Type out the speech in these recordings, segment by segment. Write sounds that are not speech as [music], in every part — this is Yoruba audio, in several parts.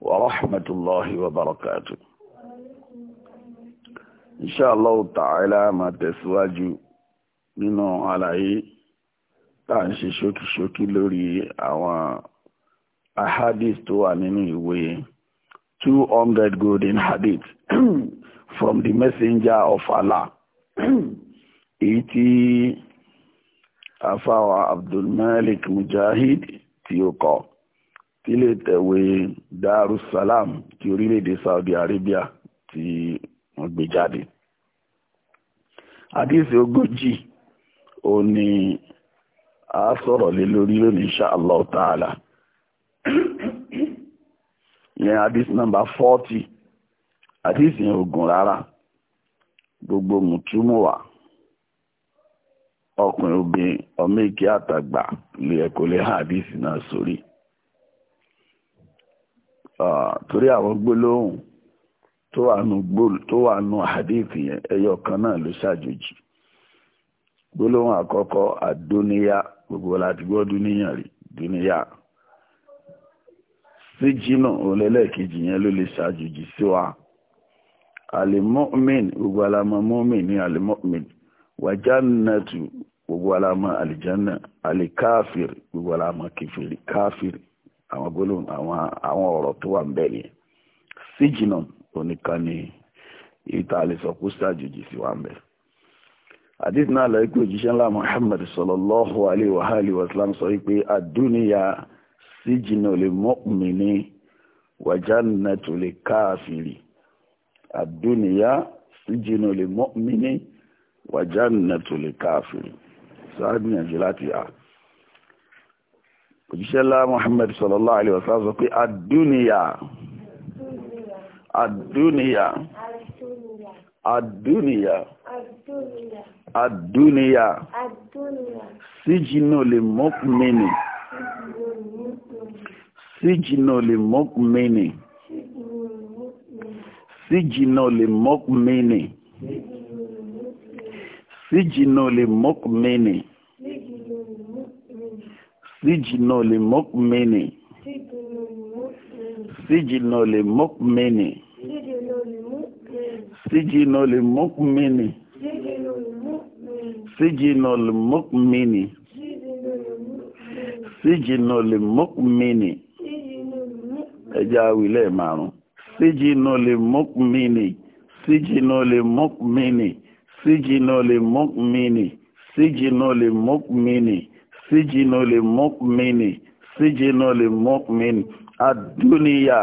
ورحمة الله وبركاته إن شاء الله تعالى ما تسواجو منه عليه تعنشي شوكي شوكي لوري أو أحاديث توا منه وي 200 golden hadith from the messenger of Allah èyí tí afáwa Abdulmalik Mujahid tí tí ilé ìtẹ̀wé darussalam ti orílẹ̀-èdè saudi arabia ti wọ́n gbé jáde àdíṣe ogójì ó a sọ̀rọ̀ lé lórí lónìí insha Allah ta'ala yẹn àdíṣe nọmba 40 àdíṣe ogun rárá gbogbo mùtúmùwà ọkùnrin obìnrin ọmọ èké àtàgbà lè ẹ̀kọ́ lé àdíṣe náà sórí torí àwọn gbólóhùn tó wà nù gbólù tó wà nù hadithi yẹn ẹyọ kan náà ló ṣàjòjì gbólóhùn àkọ́kọ́ àdóníyá gbogbo láti gbọ́ dúníyàn rí dúníyà sí jìnnà òlẹ́lẹ́kejì yẹn ló lè ṣàjòjì sí wa alimomin gbogbo alamọ momin ní alimomin wàjánàtù gbogbo alamọ alijanna alikafir gbogbo alamọ kẹfìrí àwọn gbólóhùn àwọn àwọn ọ̀rọ̀ tó wà ńbẹ̀ ni síjìnà oníkan ni ìta lè sọ kó ṣàjòjì sí wa ńbẹ̀. àdìs náà lọ pé òjíṣẹ́ ńlá muhammad sallallahu alayhi wa alihi wa sallam sọ pé àdúnìyà síjìnà lil mu'mini wa jannatu lil káàfìrì àdúnìyà síjìnà lil mu'mini wa jannatu lil káàfìrì sáà gbìyànjú láti àpò òjíṣẹ́ ńlá Muhammad sallallahu alaihi wasallam sọ pé àdúnìyà àdúnìyà àdúnìyà àdúnìyà síjìnà lè mọ́kùnmẹ́ni síjìnà lè mọ́kùnmẹ́ni síjìnà lè mọ́kùnmẹ́ni síjìnà lè mọ́kùnmẹ́ni síjìnà lè mọ́kùnmẹ́ni síjìnà lè mọ́kùnmẹ́ni síjìnà lè mọ́kùnmẹ́ni síjìnà lè mọ́kùnmẹ́ni síjìnà lè mọ́kùnmẹ́ni ẹja awilẹ̀ márùn síjìnà lè mọ́kùnmẹ́ni síjìnà lè mọ́kùnmẹ́ni síjìnà lè mọ́kùnmẹ́ni síjìnà lè mọ́kùnmẹ́ni síjìnà lè mọ́kùnmínì síjìnà lè mọ́kùnmínì àdúníyà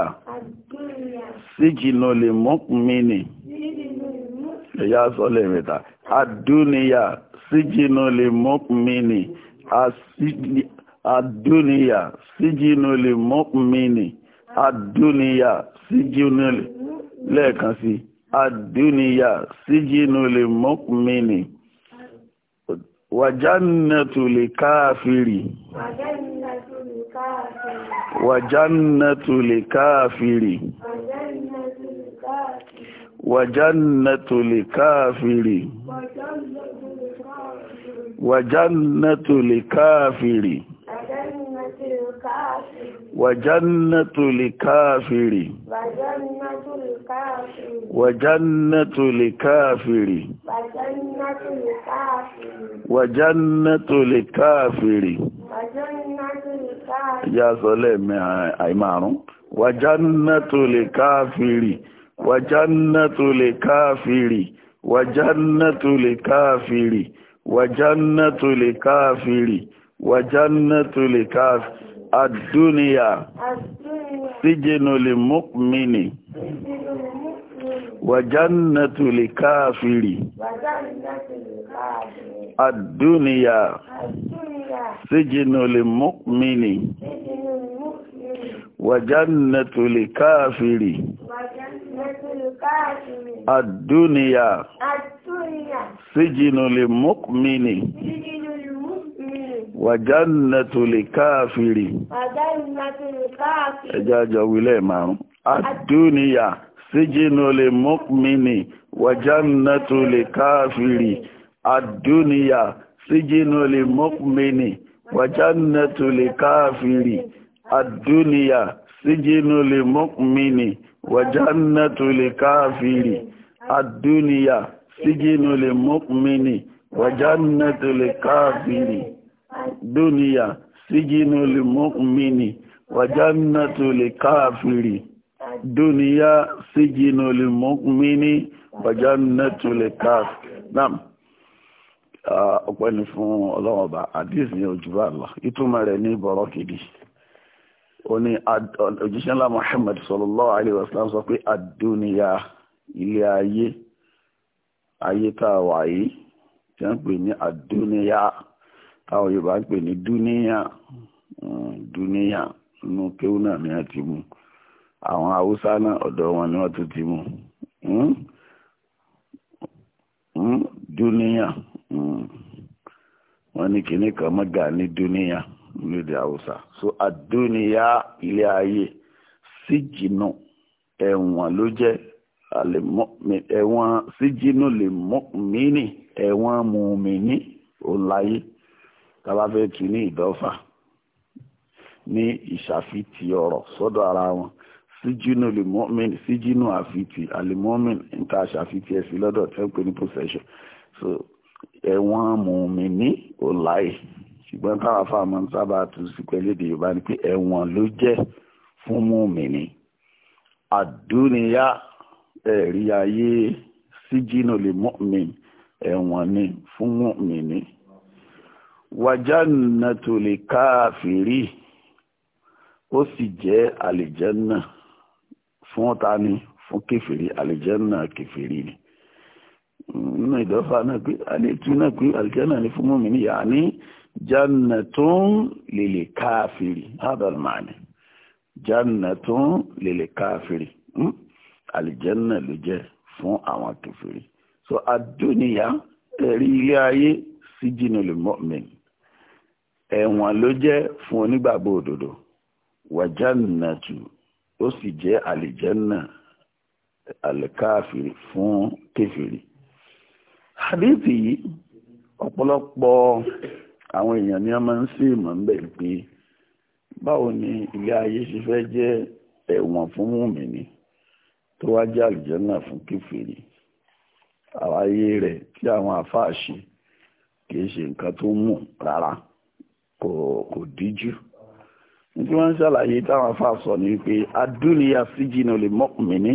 síjìnà lè mọ́kùnmínì ẹ̀yà sọ́lẹ̀ mẹ́ta àdúníyà síjìnà lè aduniya, àdúníyà Le lè aduniya, àdúníyà síjìnà lẹ́ẹ̀kan sí àdúníyà síjìnà lè mọ́kùnmínì. وجنة لكافر وجنة لكافر وجنة لكافر وجنة لكافر وجنة لكافر وجنة وجنة لكافر وجنة لكافر يا سلام اي مارون وجنة لكافر وجنة لكافر وجنة لكافر وجنة لكافر وجنة لكافر الدنيا سجن للمؤمن وجنة لكافر الدنيا سجن للمؤمن وجنة لكافر الدنيا سجن للمؤمن wàjánàtò lè káàfìrì ẹjá jọ wílẹ̀ márùn àdúnìyà síjínú lè mọ́kùnmínì wàjánàtò lè káàfìrì àdúnìyà síjínú lè mọ́kùnmínì wàjánàtò lè àdúnìyà síjínú mọ́kùnmínì wàjánàtò lè àdúnìyà síjínú mọ́kùnmínì wàjánàtò lè dúníyà síjínú lè mọ́kùnmíní wàjánàtò lè káàfìrí dúníyà síjínú lè mọ́kùnmíní wàjánàtò lè káàfìrí náà ọpẹ́ ni fún ọlọ́run ọba àdíz ní ojúbà lọ ìtumọ̀ rẹ̀ ní bọ̀rọ̀ kìdí ó ní òjíṣẹ́ ńlá Muhammad sallallahu alaihi wasallam sọ pé àdúnìyà ilé ayé ayé tá tí wọ́n pè ní àdúnìyà táwọn Yorùbá ń pè ní dúníyà hmm, dúníyà nínú kéwù náà ni wọ́n ti mú àwọn Haúsá náà ọ̀dọ̀ wọn ni wọ́n tún ti mú hmm? Hmm? dúníyà wọ́n ní kinní kan mọ́gà ní dúníyà nílùú Haúsá so àdúníyà ilé ayé síjìnà ẹ̀wọ̀n ló jẹ́ ẹ̀wọ̀n síjìnà lè mọ́mìnì ẹ̀wọ̀n mùmìnì òun láyé tábà fẹ́ tu ní ìdọ́fà ní ìṣàfitì ọ̀rọ̀ sọ́dọ̀ ara wọn síjínú lèmọ́mìn síjínú àfitì àlèmọ́mìn níta àṣàfitì ẹ̀sìn lọ́dọ̀ tẹ́ ń pè ní possession so ẹ̀wọ̀n mùmí ní ọ̀láì ṣùgbọ́n táwọn afáàmọ́ ń sábà tu sí pẹ̀lú èdè Yorùbá ni pé ẹ̀wọ̀n ló jẹ́ fún mùmí ní àdúnìyá ẹ̀rí ayé síjínú lèmọ́mìn ẹ̀wọ̀n ni fún mùmí ní wàjánàtò lè káàfìrí ó sì jẹ́ àlìjẹ́nà fún ọ̀tá ni fún kẹfìrí àlìjẹ́nà kẹfìrí ni nínú ìdọ́fà náà pé àlétú náà pé àlìjẹ́nà ni fún mọ́mí níyà ní jánàtò lè káàfìrí hadal maani jánàtò káàfìrí àlìjẹ́nà ló jẹ́ fún àwọn kẹfìrí so àdúnyà ẹ̀rí ilé ayé sí jìnnà lè mọ́mí ẹ̀wọ̀n ló jẹ́ fún onígbàgbọ́ òdodo wàjánàtù ó sì jẹ́ àlìjẹ́nà àlìkáàfìrí fún kèfèrí hadithi yìí ọ̀pọ̀lọpọ̀ àwọn èèyàn ni a máa ń sí ìmọ̀ ń bẹ̀ pé báwo ni ilé ayé ṣe fẹ́ jẹ́ ẹ̀wọ̀n fún mùmìnì tó wá jẹ́ àlìjẹ́nà fún kèfèrí àwáyé rẹ̀ tí àwọn àfáà kì í ṣe nǹkan tó mú rárá kò kò díjú nítorí wọ́n ń ṣàlàyé táwọn afá sọ ni pé adúlíyà síjìnà lè mọ́kùnmí ní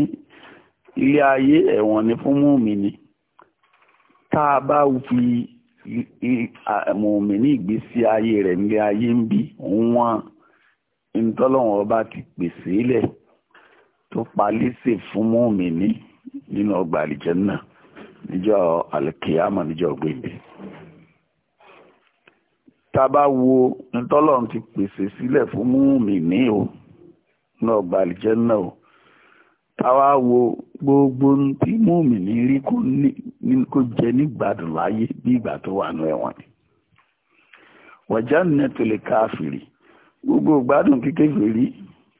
ilé ayé ẹ̀wọ̀n ni fún mùmí ni tá a bá fi mùmí ní ìgbésí ayé rẹ̀ nílé ayé ń bí wọ́n ntọ́lọ́wọ́n ọba ti pèsè ilẹ̀ tó palẹ́sẹ̀ fún mùmí ní nínú ọgbà àlìjẹ́ náà níjọ́ àlìkìyàmọ̀ níjọ́ gbèǹdé tá a bá wo ntọ́lọ́run ti pèsè sílẹ̀ fún múmi ní o náà gbàlìjẹ́ náà o táwa wo gbogbo tí múmi ní rí kó jẹ nígbàdùn láyé bí ìgbà tó wà nú ẹ̀wọ̀n ni wàjá nìyẹn tó lè káàfìrí gbogbo gbádùn kékeré rí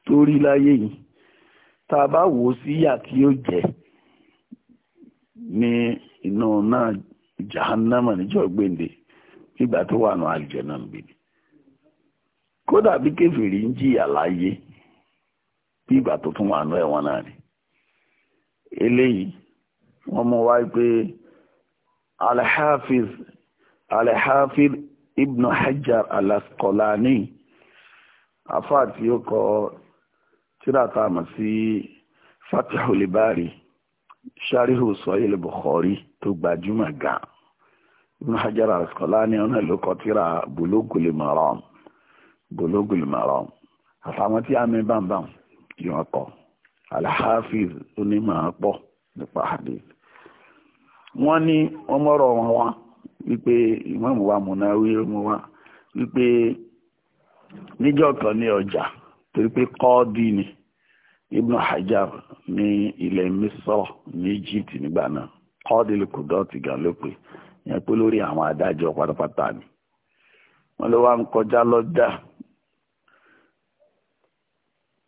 tó rí láyé yìí tá bá wò síyà tí ó jẹ ní inú náà jahannama níjọ́ gbèǹde ìgbà tó wà nù àlùjànnà ń bìbí kódà bí kèfèrí ń jìyà láyé bí ìgbà tó tún wà nù ẹ̀wọ̀n náà ni eléyìí wọ́n mú wáyé pé alhafiz ibn hajar alaskolani afa tí ó kọ tírà mọ̀ sí fatihul bari sharihu sahih bukhari tó gbajúmọ̀ gan-an ibn hajar al-asqalani ọ̀nà ló kọ tírà bulugul maram bulugul maram àtàwọn tí a mi bàbàm yóò kọ alhafiz onímọ̀ pọ̀ nípa hadith wọ́n ní wọ́n mọ́rọ̀ wọn wá wípé ìmọ̀mù wa Munawi mú wa wípé mụwa, kan n'i ibn hajar misr ni egypt yẹn pé lórí àwọn adájọ́ pátápátá ni wọ́n ló wá ń kọjá lọ́jà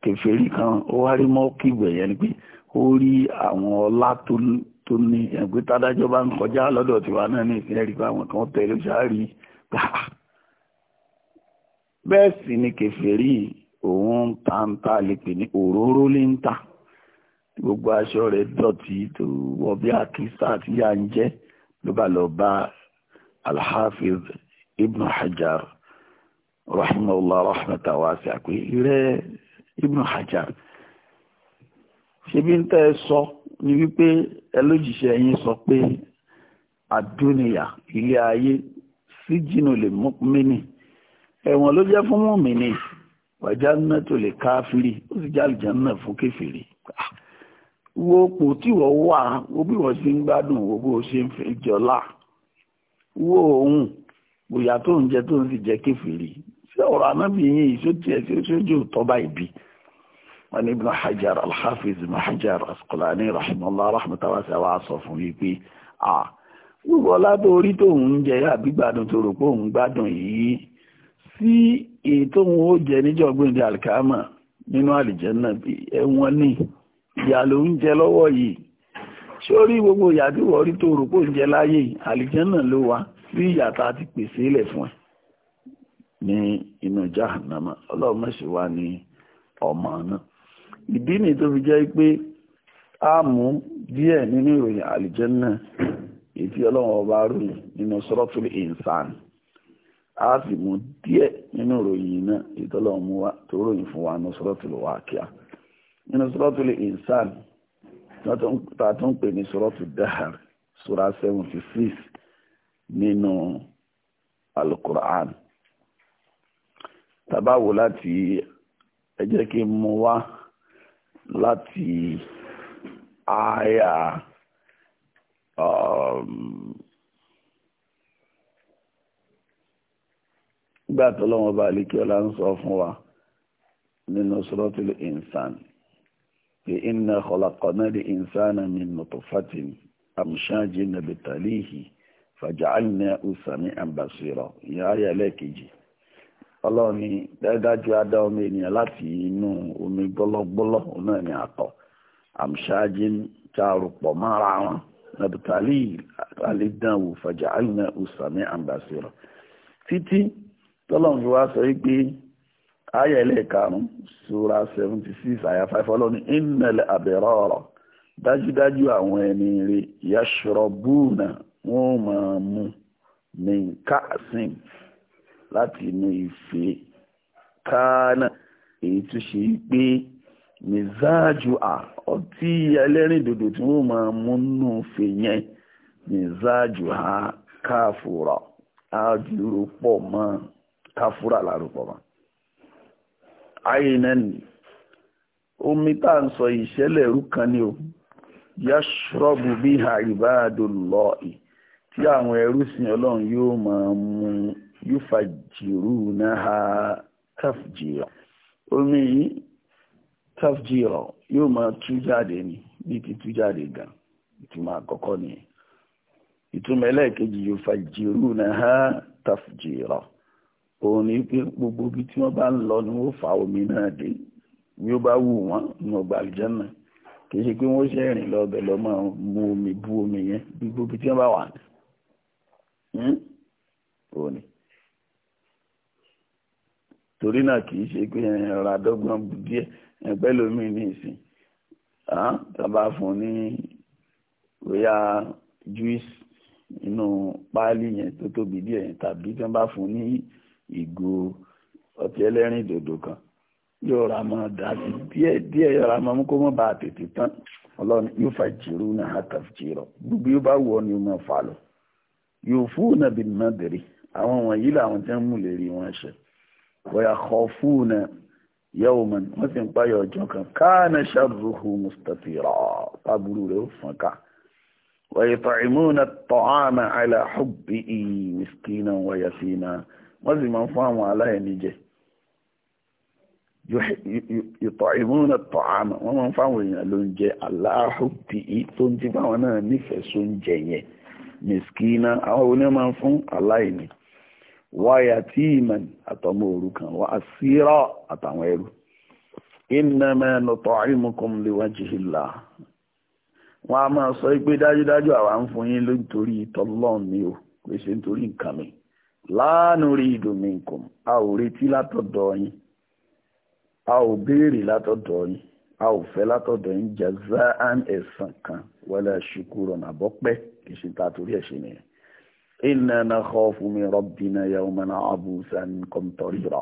kèfèrí kan ó wá rí mọ́kìgbẹ̀ yẹn ni pé ó rí àwọn ọlá tó ní yẹn pé tádájọ́ bá ń kọjá lọ́dọ̀ tiwa náà ní ìpínlẹ̀ rí pé kan tẹ̀lé ṣáàrí gbàgbà [laughs] bẹ́ẹ̀ sì ni kèfèrí òun ń ta ń ta lè pè ní òróró lè ń ta gbogbo aṣọ rẹ̀ dọ̀tí tó wọ bí àkísà tí à ń jẹ́ ló bá lọ bá alhafiz ibn hajar rahimahullah rahmatan wasi'a pé rẹ ibn hajar ṣebí ń tẹ́ ẹ sọ ni wípé ẹlójìṣẹ́ yín sọ pé àdúnìyà ilé ayé sí jìnnà lè mú mínì ẹ̀wọ̀n ló jẹ́ fún mọ́mìnì wàjá náà tó lè káfírí ó sì já àlùjá náà fún kéfìrí ah, wo pò tí wọ́n wà wo bí wọ́n ṣe ń gbádùn wo bó ṣe ń fẹ́ jọlá wo òun bóyá tó ń jẹ tó ń sì jẹ kéfìrí ṣé ọ̀rọ̀ anábì yín yìí sóti ẹ̀ sí sójú tọ́ba ìbí wọn ní ibn hajar alhafiz ibn hajar asqalani rahmatawa ṣe wàá sọ fún yìí pé a wíwọ ládó orí tóun ń jẹ àbí gbádùn tó rò pé òun gbádùn yìí sí èyí tóun ó jẹ níjọ́ gbòǹde alikama nínú àlìjẹ náà ẹ̀wọ̀n ní ìyà ló ń jẹ lọ́wọ́ yìí sórí gbogbo ìyà rí tó rò pò ń jẹ láyé náà ló wá bí ìyàtà a ti pèsè ilẹ̀ fún ẹ ní inú jahannama ní ọmọ náà ìdí ni tó fi jẹ́ pé a mú díẹ̀ nínú ìròyìn ètí ọba nínú a sì mú díẹ̀ nínú ìròyìn náà wa tó ròyìn fún nínú suratul insan ta tún pè ní suratul dahar sura 76 nínú alukur'an tabawo láti ẹ jẹ́ kí n mú wá láti àyà um, gbàtọ́lọ́wọ́n bá lè ń sọ fún wa nínú suratul insan pé inna khalaqnal insana min nutfatin amshajin nabtalihi faja'alnahu sami'an basira ìyá ayé ẹlẹ́ẹ̀kejì ọlọ́run ni dájú adá ọmọ ènìyàn láti inú omi gbọ́lọ́gbọ́lọ́ náà ni àtọ̀ amshajin tààrù pọ̀ mára wọn nàbìtàlì àlédánwò faja'alnahu sami'an basira títí tọ́lọ́run fi wá sọ wípé ayé ẹlẹ́ẹ̀karùn-ún sura seventy six àyà five ọlọ́ni innal abrara dájúdájú àwọn ẹni rè yashrabuna wọ́n máa mu min ka'sin láti inú ife kánà èyí tó ṣe pé mìzáàjù à ọtí ẹlẹ́rìndòdò tí wọ́n máa mú nù fè yẹn mìzáàjù à káfùrà á mọ́ káfùrà lárúpọ̀ mọ́. àìnẹ́ni omi tá ń sọ ìṣẹ̀lẹ̀ ẹ̀rú kan ni o yashrobu biha ibadullahi tí àwọn ẹrú sin ọlọ́run yóò máa mu yufajjirunaha omi yìí yóò máa tú jáde ni ní ti tú jáde gan ìtumọ̀ àkọ́kọ́ ìtumọ̀ ẹlẹ́ẹ̀kejì òun ni pé gbogbo ibi tí wọ́n bá ń lọ ni wọ́n fa omi náà dé bí ó bá wù wọ́n ní ọgbà àlùjànnà kì í ṣe pé wọ́n ṣe rìn lọ ọbẹ̀ lọ máa omi bu omi yẹn gbogbo tí wọ́n bá wà ní hmm? ni torí náà kì í ṣe pé ọ̀rọ̀ àdọ́gbọ́n díẹ̀ ẹgbẹ́ lómi ní ìsìn tàbá fún ní bóyá juice inú páálí yẹn tó tóbi díẹ̀ tàbí tí wọ́n bá fún ní ìgò ọtí ẹlẹ́rìn dòdò kan yóò ra mọ́ dá sí díẹ̀ díẹ̀ yóò ra mọ́ mú kó mọ́ bá tètè tán ọlọ́run yóò fa jìrú náà á kà fi jìrọ̀ gbogbo yóò bá wọ̀ ni ó máa fà lọ yóò fún náà bí nà dèrè àwọn wọ̀nyí làwọn tí wọ́n mú lè rí wọn ṣe wọ́yà kọ́ fún náà yẹ́wò mọ́ wọ́n sì ń páyọ̀ ọjọ́ kan káàna ṣàrùhù mustatira pàbùrù rẹ̀ ó fọ́n ká wọ́yà tọ̀ wọ́n sì máa ń fún àwọn aláìní jẹ yut'imuna at'ama wọ́n máa ń fáwọn èèyàn ló ń jẹ aláhùtì tó ń ti fáwọn náà nífẹ̀ẹ́ só ń jẹ yẹn mìskínà àwọn oní máa ń fún aláìní wa yatiman àtọmọ òrukàn wa asira àtàwọn ẹrú innama nut'imukum a máa sọ pé dájúdájú àwa ń fún yín lórí torí ni o pèsè nítorí nǹkan lánàrí ìdòmínkùn a ò retí látọ̀dọ̀ yín a ò béèrè látọ̀dọ̀ yín a ò fẹ́ látọ̀dọ̀ yín jazaan ẹ̀san kan wala shukuran àbọ́pẹ́ kì í ṣe ta torí ẹ̀ṣẹ̀ nìyẹn. inna nakhafu min rabbina yawman abusan qamtarira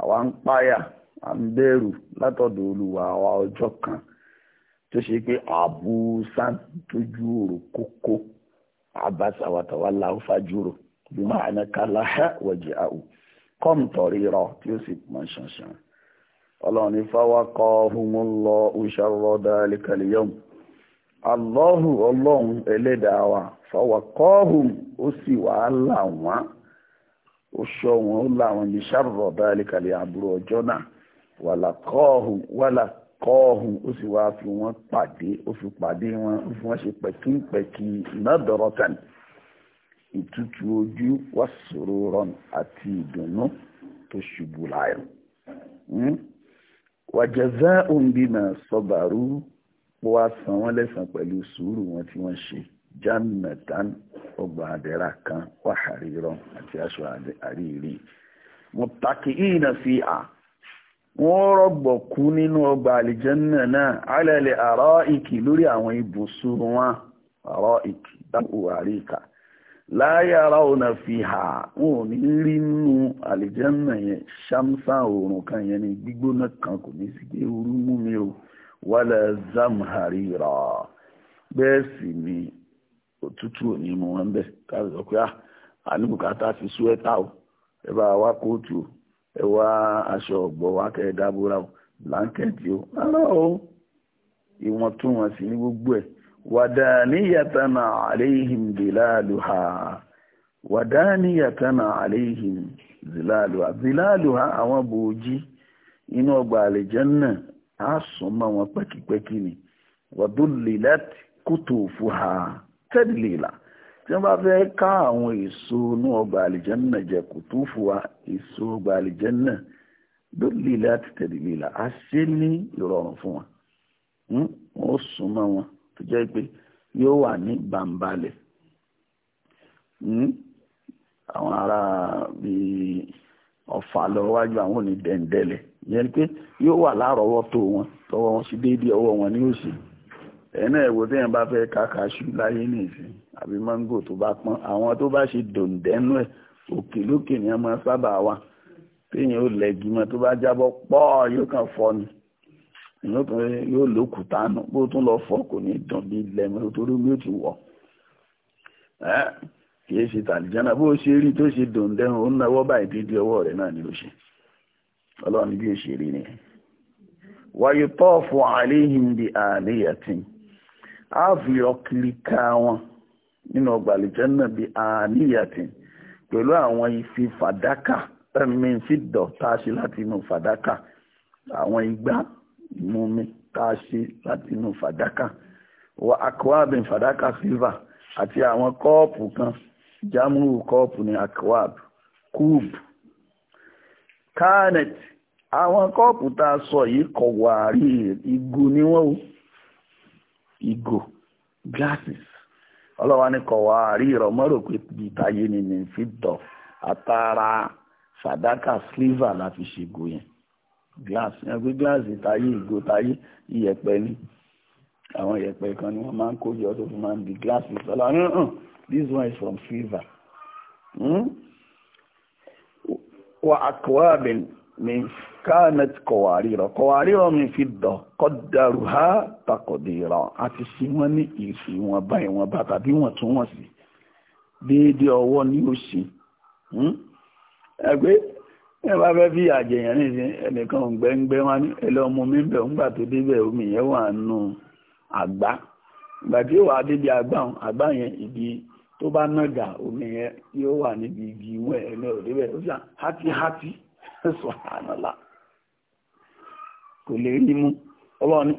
àwa ń páyà à ń bẹ̀rù látọ̀dọ̀ olúwa àwa ọjọ́ kan tó ṣe pé abusan tójú òrò kókó abasa wàtàwà láwùfájú rò bí máa ní kàláhà wẹ̀jì àwù kọ́m tọ̀rí rọ tí ó sì mọ́ ṣanṣan ọlọ́run ní fáwákọ́ ohun lọ òṣàrọ̀ dáálí alọ́hù ọlọ́run ẹlẹ́dàá wa ohun ó sì wàá là wọ́n ó ní ṣàrọ̀ àbúrò ọjọ́ náà ohun ó sì fi wọ́n pàdé ó ìtútù ojú wàsòrò rọ̀n àti ìdùnnú tó ṣubú láyọ̀. wàjẹ̀zá òǹbìmọ̀ sọ̀bàrú wá san wọ́n lẹ́sàn pẹ̀lú sùúrù wọn tí wọ́n ṣe jamiatan ọgbà àdẹ́rà kan wàhárí rọ̀n àti aṣọ àríyìrí. mùtàkì ìnà fi à wọ́n rọ̀gbọ̀kú nínú ọgbà àlìjẹ́nà náà alẹ́lẹ̀ àrọ́ ìkì lórí àwọn ibùsùn wọn àrọ́ ìkì dákò àríkà láyàrá ọ̀nà fi hà wọn ò ní rí nínú àlìjẹ́nà yẹn ṣámsá òòrùn kan yẹn ní gbígbóná kan kò ní sí pé ooru mú mi o wàlẹ̀ zamharira bẹ́ẹ̀ sì ni òtútù ò ní mú wọn bẹ́ẹ̀ káàbí sọ pé àníbùkátà ah, fi súwẹ́tà o ẹ bá wá kóòtù o ẹ wá aṣọ ọ̀gbọ̀ wá kẹ́ ẹ dábòrà o bláńkẹ́ẹ̀tì o rárá o ìwọ̀ntúnwọ̀nsì ní gbogbo ẹ̀ ودانية عليهم ظلالها ودانية عليهم ظلالها ظلالها àwọn bòójì inú ọgbà àlìjẹ́nà á sùn mọ́ wọn pẹ́kipẹ́kí ni wadullilat kutufuha tadlila tí wọ́n bá fẹ́ ká àwọn èso inú ọgbà àlìjẹ́nà jẹ kutufuha èso ọgbà àlìjẹ́nà dullilat tadlila á ṣe ní ìrọ̀rùn fún wọn hmm? wọ́n sùn wọn tó jẹ́ pé yóò wà ní bàǹbalẹ̀ hmm? àwọn ará bíi ọ̀fà lọ wájú àwọn òní dẹ̀ǹdẹ̀lẹ̀ yẹn pé yóò wà lárọ̀ọ́wọ́tó wọn tọwọ́ wọn sí déédéé ọwọ́ wọn ní òsì ẹ̀nà ẹ̀wò tí yẹn bá fẹ́ kàkàṣù láyé nìsín àbí mángò tó bá pọ́n àwọn tó bá ṣe dòǹdẹ́nu ẹ̀ òkè lókè ni a máa sábà wà téèyàn ò lẹ́gìmọ̀ tó bá jábọ́ pọ́ yóò kàn fọ́ ni yóò lókùtà nù bó tún lọ fọ ní dùn bí lẹ́mọ̀ torí mi ò wọ̀ kì í ṣe tàlìjánà bó ṣe rí tó ṣe dùn dẹ́hùn ó náwó báyìí dídí ọwọ́ rẹ̀ náà ni ó ṣe ọlọ́run bí ó ṣe rí ni wáyé tọ́ọ̀fù àléhìn á fi wọn nínú náà pẹ̀lú àwọn ife fàdákà ẹ̀mí fìdọ̀ tá a ṣe láti inú mumi taa se lati láti inú fàdákà akwabin fàdákà silver àti àwọn kọ́ọ̀pù kan jámúrù kọ́ọ̀pù ni akwab kúùb kánẹt àwọn kọ́ọ̀pù ta sọ yìí kọ̀ wàárí igu ni wọ́n o ìgò glasses ọlọ́wà ní kọ̀ wàárí ìrọ̀mọ́rò pé ni ní fi dọ̀ àtàrà la ṣe gò glass yẹn pé glass táyé ìgò táyé iyẹ̀pẹ̀ ni àwọn iyẹ̀pẹ̀ kan ni wọ́n máa ń kó jọ tó fi máa ń di glass ìsọ́lá hàn mm, mm, this one is from silver hmm? wa akwabin min kanat kọwàrírọ̀ kọwàrírọ̀ mi fi dọ̀ kọ́dàrú ha takọ̀dìrọ̀ àti sí wọn ní ìfìwọ̀nba ìwọ̀nba tàbí wọ̀n tún wọ̀n sí déédéé ọwọ́ ni ó hmm? ẹgbẹ́ ẹ bá fẹ́ fi àjẹyàn ní ìsìn ẹnìkan gbẹ́ngbẹ́ wá ní ẹlọ́mú mi bẹ̀ ńgbà tó débẹ̀ omi yẹn wà nù àgbá ìgbà tí ó wà débi àgbà àgbà yẹn ibi tó bá nàgà omi yẹn yóò wà níbi igi wẹ̀ ẹlẹ́ òdébẹ̀ ó sàn hátíhátí sọ̀hánàlá kò lè rí mú ọlọ́ni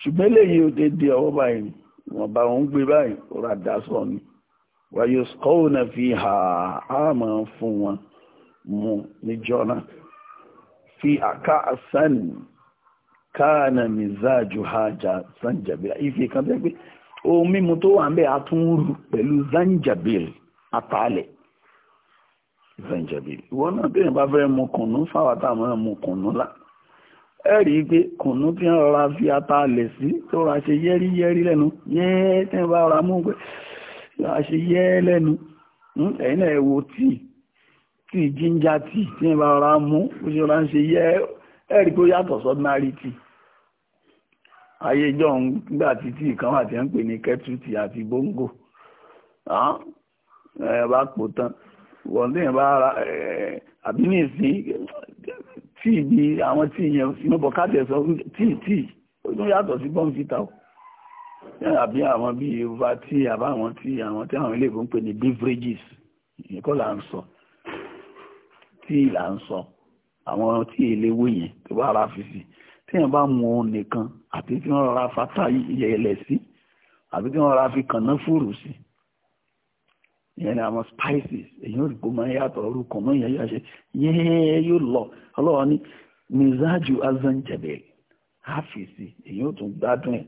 ṣùgbọ́n eléyìí ó dé dé ọwọ́ báyìí wọ́n bá wọn gbé báyìí ó rà dá sọ ni wàyó skọ́ọ̀nà fi hà á máa fún wọn mu níjọ́ náà fi àká àsán káànà mìzáàjù hajjá zanjabila ife kan tẹ́ pé ohun mímu tó wà ń bẹ́ àtúnrù pẹ̀lú zanjabil àtàlẹ̀ zanjabil ìwọ náà bí wọ́n bá fẹ́ mu kùnú fáwọn táwọn mu kùnú lá ẹ̀rí pé kùnú tí wọ́n ra fi àtàlẹ̀ sí tó ra ṣe yẹ́rí yẹ́rí lẹ́nu yẹ́ẹ́ tí wọ́n ra mú pé ra ṣe yẹ́ lẹ́nu ẹ̀yin náà wo tíì tí ginger tea tí ẹ bá rọra mú ó ṣe rọra ń ṣe yẹ ẹ rí i pé ó yàtọ̀ sọ́dúnárì tea ayé ìjọ ń gbà títí kan wà tí ń pè ní kettle tea àti bongo ẹ bá pò tán wọ́n tí yẹn bá ra àbí ní ìsín tíì bí àwọn tíì yẹn inú bọ̀kátì ẹ̀ sọ tíì tíì ó tún yàtọ̀ sí bọ́ǹfìtà o àbí àwọn bíi ova tíì àbáwọn tíì àwọn tí àwọn ilé ìfowópamọ́ ní beverages ìyẹn ń sọ tí ìlà ń sọ àwọn tí eléwé yẹn tó bá ra fi sí téèyàn bá mu òun nìkan àti tí wọ́n ra fata yẹlẹ̀ sí àbí tí wọ́n ra fi kànáà fòrò sí ìyẹn ni àwọn spices èyàn òdìgbò máa ń yàtọ̀ orúkọ mọ́ ìyẹn yóò ṣe yẹ́ẹ́ yóò lọ ọlọ́wọ́ ní mizaju azanjẹ̀bẹ̀ áfíìsì èyàn ò tún gbádùn ẹ̀.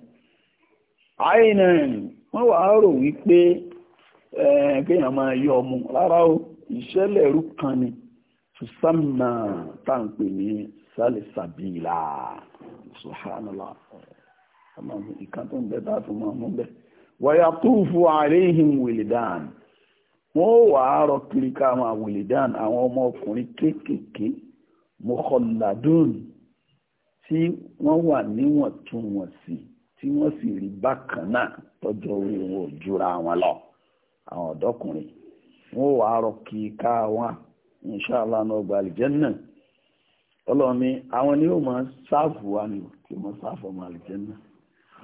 àìnà wọ́n wàá rò wípé kéèyàn máa yọ ọmọ rárá o ìṣẹ̀lẹ̀ ẹ̀rú kan ni tùsánmà tá ń pè ní sálẹ̀ sàbílà subhanallah ìkan tó ń bẹ tá a tún máa mú bẹ wàyà túùfù àríhìn wìlìdán wọn ó wà á rọ kiri ká àwọn àwìlìdán àwọn ọmọkùnrin kéékèèké mọkànládùn tí wọ́n wà níwọ̀ntúnwọ̀nsì tí wọ́n sì rí bákan náà tọ́jọ́ orí wọn jura wọn lọ àwọn ọ̀dọ́kùnrin wọn ó wà á rọ kiri ká wọn inṣàlá náà gba àlìjẹ́nà ọlọ́run ni àwọn ni ó máa sáàfù wa ni kí wọ́n sáàfù ọmọ àlìjẹ́nà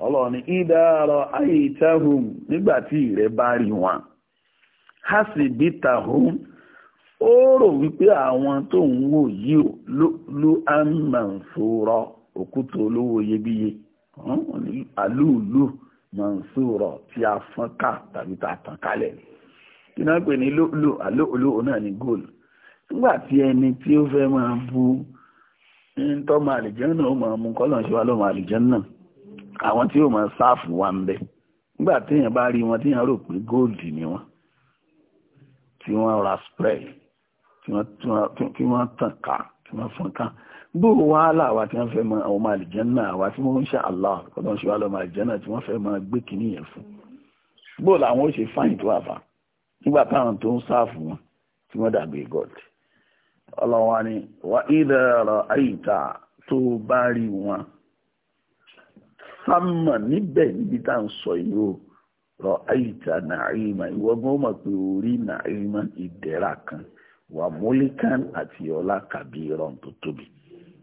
ọlọ́run ni ìdárọ̀ àìtẹ́hùn nígbà tí ìrẹ́ bá rí wọn hasibitahum ó rò wípé àwọn tó ń wò yìí ló àmàǹsòrọ òkúta olówó iyebíye àlúùlù màǹsòrọ tí a fọ́n ká tàbí tá a tàn kálẹ̀ kí pè ní lóòlù àlóòlù náà ní góòlù nígbà tí ẹni tí ó fẹ́ máa bu ń tọ́ máa àlìjẹ́nà ó máa mú kọ́lọ̀ ṣe wá lọ́mọ àlìjẹ́nà àwọn tí ó máa sáàfù wa ń bẹ nígbà téèyàn bá rí wọn téèyàn rò pé góòdì ni wọn tí wọ́n ra spray tí wọ́n tàn ká tí wọ́n fọ́n ká bó wàhálà wa tí wọ́n fẹ́ mọ àwọn ọmọ àlìjẹ́nà wa tí wọ́n ń ṣe Allah kọ́lọ́ ṣe wá lọ́mọ àlìjẹ́nà tí wọ́n fẹ́ mọ gbé kínní yẹn fún bó làwọn ó ṣe fáìn tó àfà nígbà táwọn tó ń sáàfù wọn tí wọ́n dàgbé gold ọlọ́wà ni wà ìdẹ̀rọ̀ àyíká tó bá rí wọn sámà níbẹ̀ níbi tá à ń sọ yìí ó rọ àyíká nàìjíríà ìwọ́gbọ́n mọ̀ pé orí nàìjíríà ìdẹ̀ra kan wà mólíkàn àti ọlá kàbí ìrọ̀n tó tóbi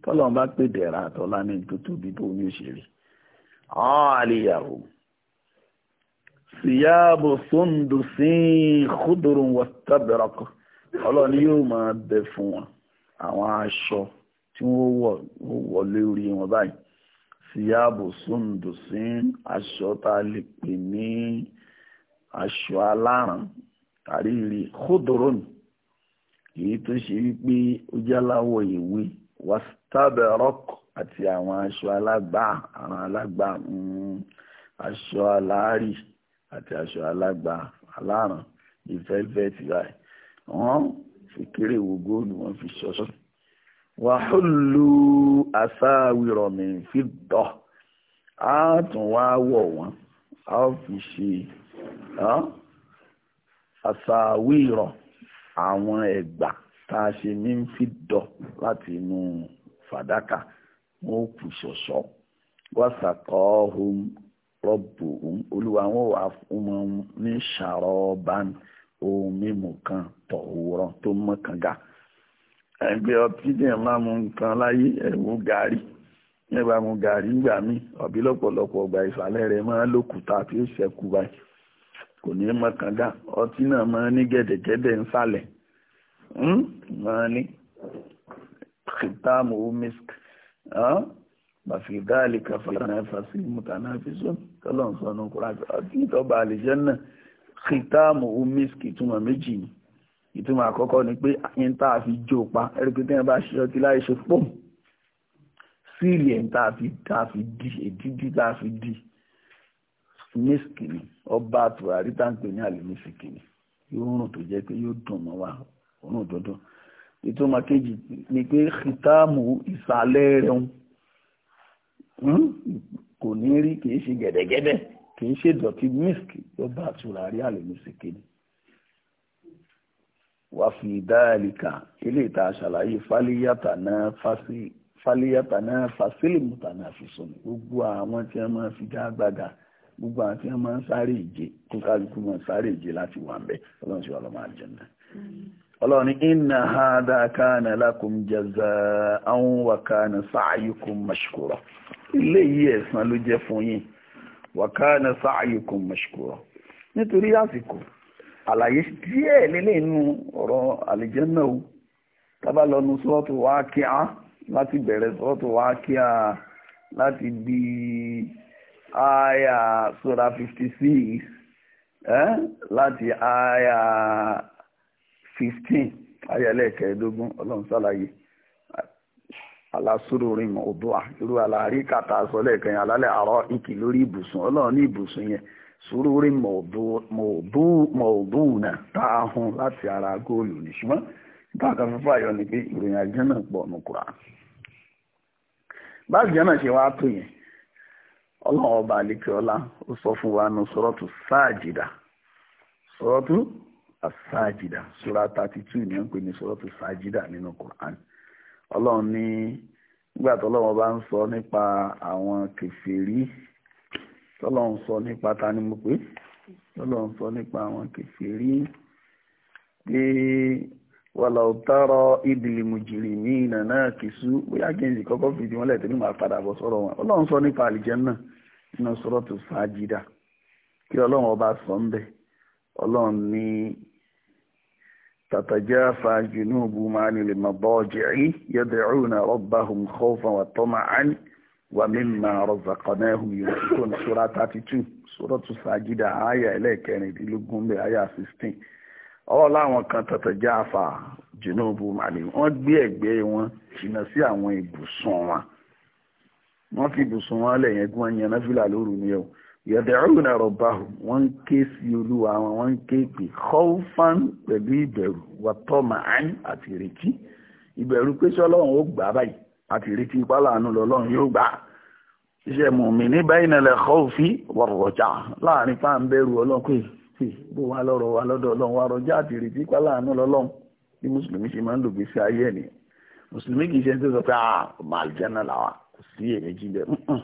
tọ́lọ́n bá pè dẹ̀ra àtọ́lá ní tó tóbi bó ní òṣèré àlìyàwó síyáàbò sóńdùsí kúdùrún wọ́n tábìrọ̀kọ̀ ọlọ́run ni yóò máa bẹ fún wọn àwọn aṣọ tí wọ́n wọ̀ wọ̀ lórí wọn báyìí síyáàbò sóńdòsín aṣọ tá a lè pè ní aṣọ aláràn àríyìnrí kódòrónì èyí tó ṣe wípé ó jẹ́ aláwọ̀ èwe wastaberok àti àwọn aṣọ alágbà àwọn alágbà hmm, aṣọ aláàrí àti aṣọ alágbà aláràn ìfẹ́fẹ́ tìrà yìí wọ́n fi kéré wo góòlù wọ́n fi ṣọ́ṣọ́ wàhálù asáwìrọ̀ mi fi dọ̀ á tún wá wọ̀ wọ́n á fi ṣe asáwìrọ̀ àwọn ẹ̀gbà tá a ṣe ní fi dọ̀ láti inú fàdákà wọn kù ṣọ̀ṣọ́ wàsàkọ́ ohun rọ́bù olúwa wọn ò fún wọn ní ṣàrọ̀ ọba ohun mímu kan tọ̀ òwúrọ̀ tó mọ́ kànga ẹgbẹ́ ọtí dẹ̀ máa mu nǹkan láyé ẹ̀wù gàrí nígbà mu gàrí ńgbà mí ọ̀bí lọ́pọ̀lọpọ̀ ọgbà ìsàlẹ̀ rẹ̀ máa lókùúta tí ó ṣẹ́kù báyìí kò ní mọ́ kànga ọtí náà máa ní gẹ̀dẹ̀gẹ̀dẹ̀ ńsàlẹ̀ hmm? máa ní kìtàmù misk bàfìdá àlìkàfọ̀lá náà fàṣí mùtànáfíṣọ́ tọ́lọ́ kìtàmù umisk ìtumọ̀ méjì ni ìtumọ̀ àkọ́kọ́ ni pé yẹn tá a fi jó pa ẹ̀rí pé téèyàn bá ṣe ọtí láì ṣe pọ̀ síìlì ẹ̀ tá fi tá fi di èdídí tá a fi di miski ni ọba àtùwárí tá à ní àlè mísìkì ni yóò rùn tó jẹ́ pé yóò dùn mọ́ wa òórùn dúndùn ìtumọ̀ kejì ni pé kìtàmù ìsàlẹ̀ rẹ̀ hmm, kò ní rí kì í ṣe gẹ̀dẹ̀gẹ̀dẹ̀ kì í ṣe ìdọ̀tí misk ló bá tùràrí àlùmísìkì ni wà fi dáàlìkà ilé ìta àṣàlàyé fálíyàtà náà fásí fálíyàtà náà fásílì mùtà náà fi sùn gbogbo àwọn tí wọn máa fi dá gbàgà gbogbo àwọn tí wọn máa ń sáré ìje kó kálukú máa sáré ìje láti wà mbẹ Ọlọ́run ṣe wà lọ máa jẹun náà Ọlọ́run ní inna hada kana lakum jaza'an wa kana sa'yukum mashkura ilé yìí ẹ̀san ló jẹ́ fún yín wàkánà sáàyùkùn mashkura nítorí àsìkò àlàyé díẹ̀ lélẹ̀ inú ọ̀rọ̀ àlìjẹ́nà o tábà lọ́nu sọ́ọ̀tù wákíá láti bẹ̀rẹ̀ sọ́ọ̀tù wákíá láti bí àyà sura 56 eh? láti àyà 15 àyà ẹlẹ́ẹ̀kẹ́ẹ̀dógún ọlọ́run sálàyé alásùrùrì mọ̀ọ́dúà irú alárí kàtà sọlẹ̀ kẹyìn alálẹ̀ àárọ̀ ìkì lórí ibùsùn ọlọ́run ní ibùsùn yẹn sùrùrì mọ̀ọ́dúùnà tá a hun láti ara góòlù ní nípa kan ni pé ìròyìn àjẹ́ náà pọ̀ nù báàgì jẹ́ náà ṣe wá tó yẹn ọlọ́run ọba àlekè ó sọ fún wa nù ni pè ọlọ́run ní nígbà tọ́lọ́run bá ń sọ nípa àwọn kèfèrí tọ́lọ́run sọ nípa ta ni mo pé tọ́lọ́run sọ nípa àwọn kèfèrí pé wàlọ̀ tọrọ ìdìlì mùjìrì ní ìnànà kìsú bóyá kí n sì kọ́kọ́ fìdí wọn lẹ́tọ́ nígbà padà bọ̀ sọ̀rọ̀ wọn ọlọ́run sọ nípa àlìjẹ́nnà nínú sọ́rọ́ tó fàájì dà kí ọlọ́run ọba sọ ń bẹ̀ ọlọ́run ní تتجافى جنوبهم عن المضاجع يدعون ربهم خوفا وطمعا ومما رزقناهم ينفقون سورة 32 سورة ساجدة آية ẹlẹ́ẹ̀kẹrìndínlógún bẹ́ẹ̀ آية 16 ọ̀rọ̀ láwọn kan تتجافى جنوبهم عن wọ́n gbé ẹ̀gbẹ́ wọn jìnnà sí àwọn ibùsùn wọn wọ́n fi ibùsùn wọn lẹ̀ yẹn gún ẹ̀yẹn náfìlà lóru ni o yẹ̀dẹ̀rún àrọ̀báhù wọ́n ń ké sí olúwa wọn wọ́n ń ké pè kọ́fán pẹ̀lú ìbẹ̀rù wàtọ́ màáyín àti ìrètí ìbẹ̀rù pé sí ọlọ́run ó gbà báyìí àti ìrètí pálánù lọ́lọ́run yóò gbà iṣẹ́ mùmí ní báyìí nàlẹ̀ kọ́ọ̀fì wọ̀rọ̀jà láàrin fáà ń bẹ̀rù ọlọ́run pé bó wà lọ́rọ̀ wa lọ́dọ̀ ọlọ́run ah, wà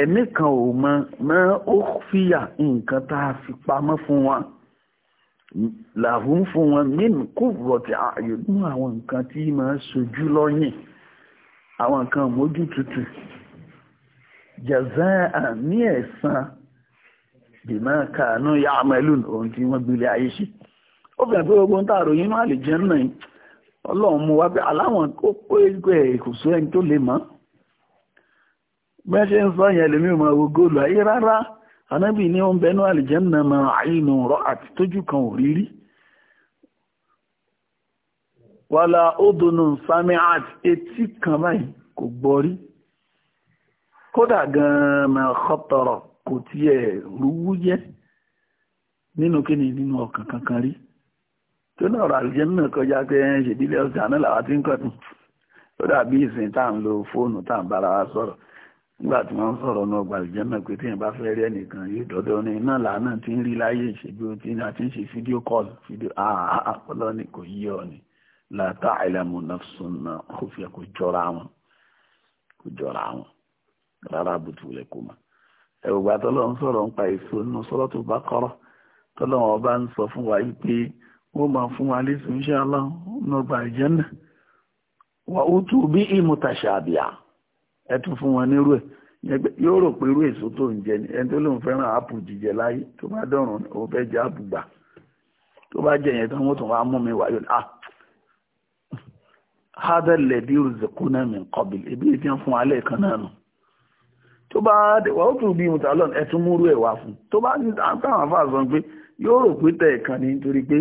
ẹ̀mí kan ò mọ mọ́ ó fìyà nǹkan tá a fi pamọ́ fún wọn làwọn fún wọn mímu kó rọ̀tì ààyè mú àwọn nǹkan tí máa sojú lọ́yìn àwọn nǹkan mójú tutù jazaa ní ẹ̀san bìmọ̀ kàánú yá àmàlù ohun tí wọ́n gbélé ayé ṣe ó fẹ́ pé gbogbo ń tà ròyìn máa lè jẹ́ náà ọlọ́run mú wá pé aláwọn ó pé ẹ̀kùsọ́ ẹni tó lè mọ́ mẹ́ṣẹ́ ń sọ yẹn lèmi ò máa wo góòlù ayé rárá anábì ní oúnjẹ inú àlìjẹ́nà máa àìnù rọ àti tójú kan ò rí rí wàlà ódùnú sami art etí kan báyìí kò gbọ́ rí kódà gan-an máa kọ́tọ̀rọ̀ kò tiẹ̀ rúwúyẹ́ nínú kíni nínú ọkàn kankan rí tó náà ọ̀rọ̀ àlìjẹ́nà kọjá pé ṣèdílé ọ̀sẹ̀ àná làwọn ti ń kọ́ tó dàbí ìsìn tá à ń lo fóònù tá à ń bára wa sọ̀rọ̀ nígbà tí wọ́n ń sọ̀rọ̀ náà ọgbà ìjẹ́nà pé téèyàn bá fẹ́ rí ẹnìkan yóò dọ́dọ́ ní iná làánà tí ń rí láyé ìṣègbè tí a ti ń ṣe fídíò call fídíò àpọ̀lọ́ ni kò yí ọ ni làtà àìlàmù nàfṣùnà kò fi kò jọra wọn kò jọra wọn rárá bùtùlẹ̀ kò mọ̀ ẹ̀wùgbà tọ́lọ́ ń sọ̀rọ̀ nípa èso nínú sọ́lọ́tù Baqara tọ́lọ́ wọn bá ń sọ fún wa pé wọ́n máa fún wa lẹ́sùn insha Allah nọgbà ìjẹ́nà wà ó tù bí ìmùtàṣàbíà ẹ tún fún wọn nírú ẹ̀ yóò rò pé irú èso tó ń jẹ ni ẹni tó lóun fẹ́ràn áàpù jíjẹ láyé tó bá dọ̀rùn òun fẹ́ jẹ áàpù gbà tó bá jẹ yẹn tán wọ́n tún wá mú mi wáyọ̀ ní hada lẹ́dí rìzẹ̀kúnà mi kọ̀bìlì ebi tí wọ́n fún alẹ́ kan náà nù tó bá wà ó tún bí mo tàlọ́ ẹ tún múrú ẹ̀ wá fún tó bá ní táwọn afáà sọ pé yóò rò pé tẹ̀ kan ni nítorí pé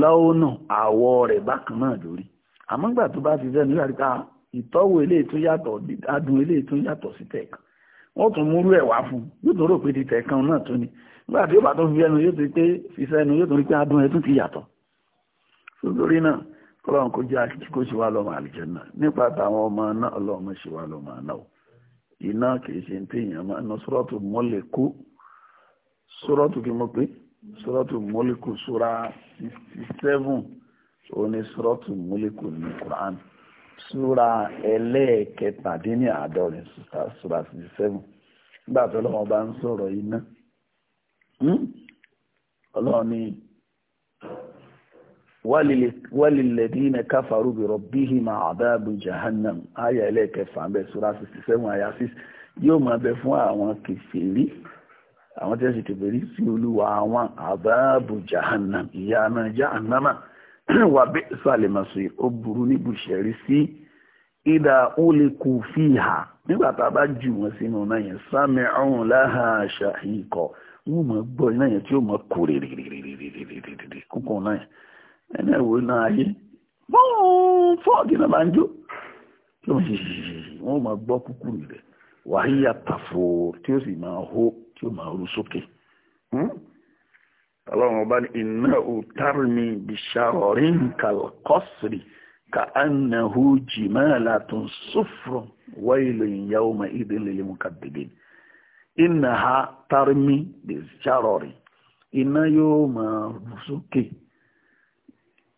lọ́wọ́ náà àwọ̀ rẹ̀ bákan náà lórí àmọ́ gbà tó bá ti fẹ́ nígbà tí ìtọ́wò ilé ìtún yàtọ̀ adùn ilé ìtún yàtọ̀ sí tẹ̀kan wọ́n tún múrú ẹ̀ wá fún yóò tún rò pé ti tẹ̀kan náà tún ni nígbà tí ó bá tún fi ẹnu yóò ti pé fi sẹ́nu yóò tún rí pé adùn ẹ̀ tún ti yàtọ̀ sótórí náà kọ́lọ́run kó jẹ́ kó ṣe wá lọ́mọ àlìjẹ́ náà nípa táwọn ọmọ náà ọlọ́mọ ṣe wá lọ́mọ náà iná kìí ṣe téèyàn máa ná sọ́rọ́tù mọ́lẹ̀kú sọ́rọ́tù kí mo pé sọ́rọ́tù mọ́lẹ̀kú sura sixty seven òun ni sọ́rọ́tù mọ́lẹ̀kú ní Quran súra ẹlẹ́ẹ̀kẹtàdínní súra sixty seven nígbà tó bá ń sọ̀rọ̀ iná hmm? ọlọ́run ní walilẹ̀dínà káfàrú àdáàbù jahannam ayà ẹlẹ́ẹ̀kẹfà ń bẹ súra sixty seven àyà six yóò máa bẹ fún àwọn kèfèrí àwọn tí sí olúwa àwọn àdáàbù jahannam náà wà bí sàlẹ̀mọ̀sọ ó burú níbu ìṣẹ̀rí sí ìdá uliku fiha nígbà tá a bá jù wọ́n sínú náà yẹn sami'u laha shahiqa wọ́n mọ̀ gbọ́ iná yẹn tí ó mọ̀ kó rèrèrèrèrèrèrèrè kókó náà yẹn ẹni ẹ̀wọ̀ náà ayé fún fọ́ọ̀dì náà bá ń jó tí wọ́n wọ́n máa gbọ́ kúkú rẹ̀ wàhíyà tàfó tí ó sì máa hó tí ó máa rú sókè. Hmm? ọlọ́run ọba ní iná òtárìmí bìṣàrọ̀rín kàlkọ́sìrì ka annahu jimalatun sufrun wailun yawma idin lil mukaddibin innaha tarmi bisharari iná yóò máa rú sókè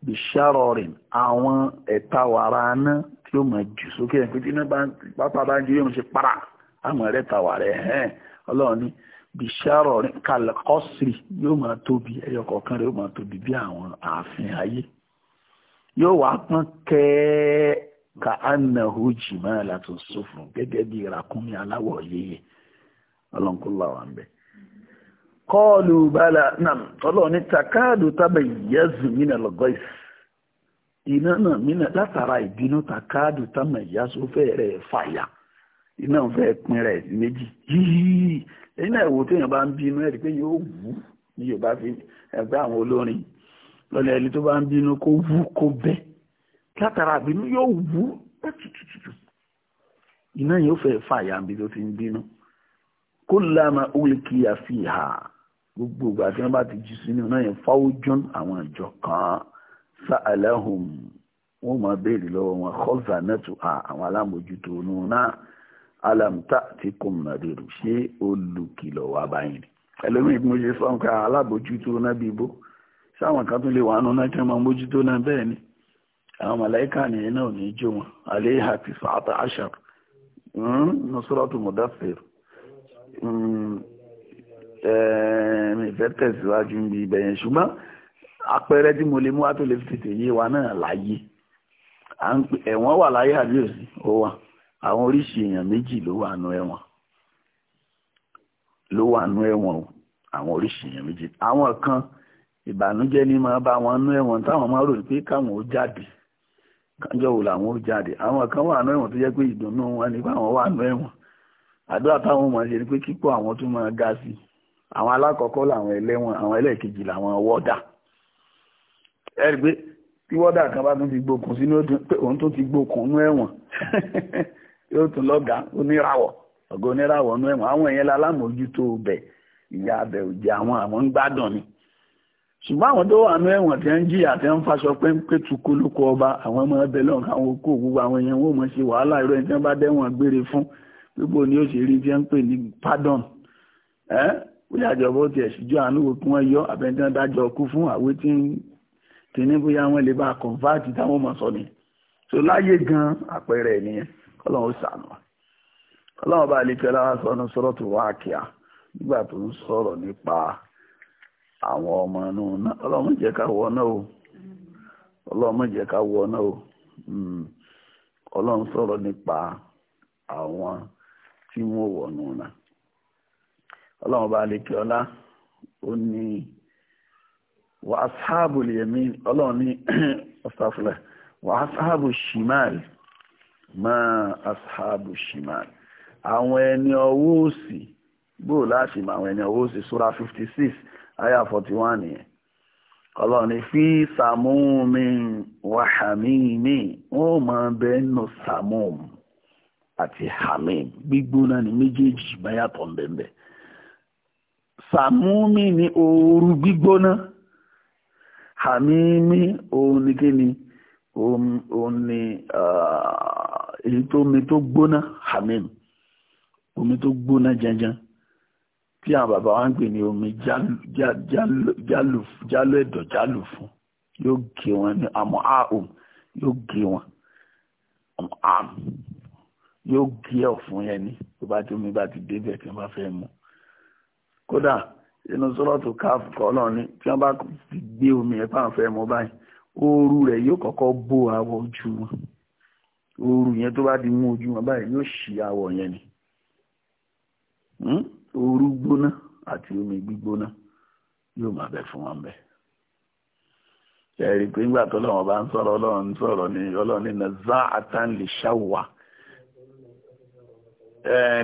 bisharorin àwọn ẹ̀ta wàrà aná tí ó máa jù sókè ẹ̀pẹ́ tí iná bá ń pápá bá ń jù para àmọ́ ẹ̀rẹ́ta wàrà ẹ̀hẹ́n ọlọ́run bìṣàrọ̀ rẹ̀ kàlẹ́kọ́sìrì yóò máa tóbi ẹyọ kọ̀ọ̀kan rẹ̀ yóò máa tóbi bí àwọn ààfin ayé yóò wá pọ́n kẹ́ẹ́ ka anahu jìmọ́ láti sọ́fún gẹ́gẹ́ bí ìràkúnmí aláwọ̀ yéye ọlọ́nkúnlá wa ń bẹ. kọ́ọ̀lù bala nam ọlọ́ọ̀ni takáàdù tábà yẹ́zù mí náà lọ́gọ́ ìsì iná náà mí náà látara ìbínú takáàdù tábà yẹ́zù fẹ́ẹ́ rẹ̀ fàyà iná fẹ́ pin rẹ̀ sí méjì yíyí ẹ̀yin náà wò téèyàn bá ń bínú ẹ̀rí pé yóò wú ní yorùbá fi ẹgbẹ́ àwọn olórin lọ́nà ẹni tó bá ń bínú kó wú kó bẹ́ látara àbínú yóò wú tutututu iná yóò fẹ́ fàyà bí tó ti ń bínú kó lámà ólìkì àfihàn gbogbo ìgbà tí wọ́n bá ti jù sínú náà yẹn fáwọ́jọ́n àwọn ìjọ kan sa'alahum wọ́n máa béèrè lọ́wọ́ wọn kọ́sà náà tó àwọn alámòjútó náà alamta ti kò mọ̀rẹ́rù ṣé olùkìlọ̀ wà báyìí ẹlòmíì mo ṣe sọ́n ká alábòjútó náà bí bó sáwọn kan tún lè wà nù náà tí wọ́n mójútó náà bẹ́ẹ̀ ni àwọn màláíkà nìyẹn náà ò ní í jó wọn àléhà ti sàátà àṣàr hmm, nusratu mudaththir ìfẹ́ hmm, tẹ̀síwájú ń bi ibẹ̀ yẹn ṣùgbọ́n tí mo lè mú wá tó lè fi tètè yé wa náà láyé ẹ̀wọ̀n wà láyé àbí òsì ó àwọn oríṣi èèyàn méjì ló wà nú ẹ̀wọ̀n ló wà nú ẹ̀wọ̀n o àwọn oríṣi èèyàn méjì àwọn kan ìbànújẹ́ ni máa bá wọn nú ẹ̀wọ̀n táwọn máa rò pé káwọn ó jáde kánjọ́ wò làwọn ó jáde àwọn kan wà nú ẹ̀wọ̀n tó jẹ́ pé ìdùnnú wọn ni báwọn wà nú ẹ̀wọ̀n àdúrà táwọn máa ṣe ni pé kíkọ́ àwọn tó máa ga sí àwọn alákọ̀ọ́kọ́ làwọn ẹlẹ́wọ̀n àwọn ẹlẹ́ẹ̀kejì làwọn wọ́dà ẹ̀rí pé tí wọ́dà kan bá tún ti gbókun sínú òun tó ti gbókun nú ẹ̀wọ̀n [laughs] yóò tún lọ́gà oníràwọ̀ ọ̀gá oníràwọ̀ nú ẹ̀wọ̀n àwọn èèyàn lálámòójútó bẹ̀ ìyá abẹ òjì àwọn àwọn ń gbádùn ni ṣùgbọ́n àwọn tó wà nú ẹ̀wọ̀n tí ń jìyà tí ń faṣọ péńpé tukú lóko ọba àwọn ọmọ ẹbẹ lọ́n káwọn okó gbogbo àwọn èèyàn wọn mọ̀ ṣe wàhálà irú ẹni tí wọ́n bá dẹ́wọ̀n gbére fún gbogbo ni ó ṣe rí tí pardon ẹ́ bóyá ìjọba ó tiẹ̀ ṣíjú àánú wo kí wọ́n yọ àbẹ̀ntẹ́ dájọ́ ọkú fún àwé tí ń tì ní bóyá so láyé gan àpẹẹrẹ nìyẹn kọ́lọ́run ó sànù wa kọ́lọ́run sọ́rọ̀ tó wá kíá nígbà tó ń nípa àwọn ọmọ inú náà ọlọ́run jẹ́ wọ náà o ọlọ́run hmm. nípa àwọn ó ní ní [clears throat] máa ashabu shimal àwọn ẹni ọwọ́ òsì bóò láti mọ àwọn ẹni ọwọ́ òsì sura fifty six aya 41. one yẹn ọlọ́run ní fi sàmúmi wàhámìmì wọ́n máa bẹ nù sàmúm àti hamim gbígbóná ní méjèèjì báyàtọ̀ ńbẹ̀ńbẹ̀ sàmúmi ní ooru gbígbóná hamimi òun ni kí ni òun ni. Uh, èyí tó omi tó gbóná hamim omi tó gbóná janjan tí àwọn bàbá wa ń pè ní omi jálò ẹ̀dọ̀ jálò fún yóò gé wọn ní àmọ́ àhùn yóò gé wọn àmọ́ yóò gé ọ̀fun yẹn ni tó bá tí omi bá ti débẹ̀ tí wọ́n bá fẹ́ mu kódà inú sọ́lọ́tù káàfù kọ́ ọlọ́run ni tí wọ́n bá ti gbé omi ẹ̀ fáwọn fẹ́ mu báyìí ooru rẹ̀ yóò kọ́kọ́ bó àwọn ojú wọn ooru yẹn tó di mú ojú wọn báyìí yóò ṣì awọ yẹn ni hmm? ooru gbóná àti omi gbígbóná yóò máa bẹ fún wọn bẹ́ẹ̀ ẹ̀rí pé ńgbà tó lọ́wọ́ bá ń sọ̀rọ̀ ọlọ́run ń sọ̀rọ̀ ní ọlọ́run ní nazaatan li shawwa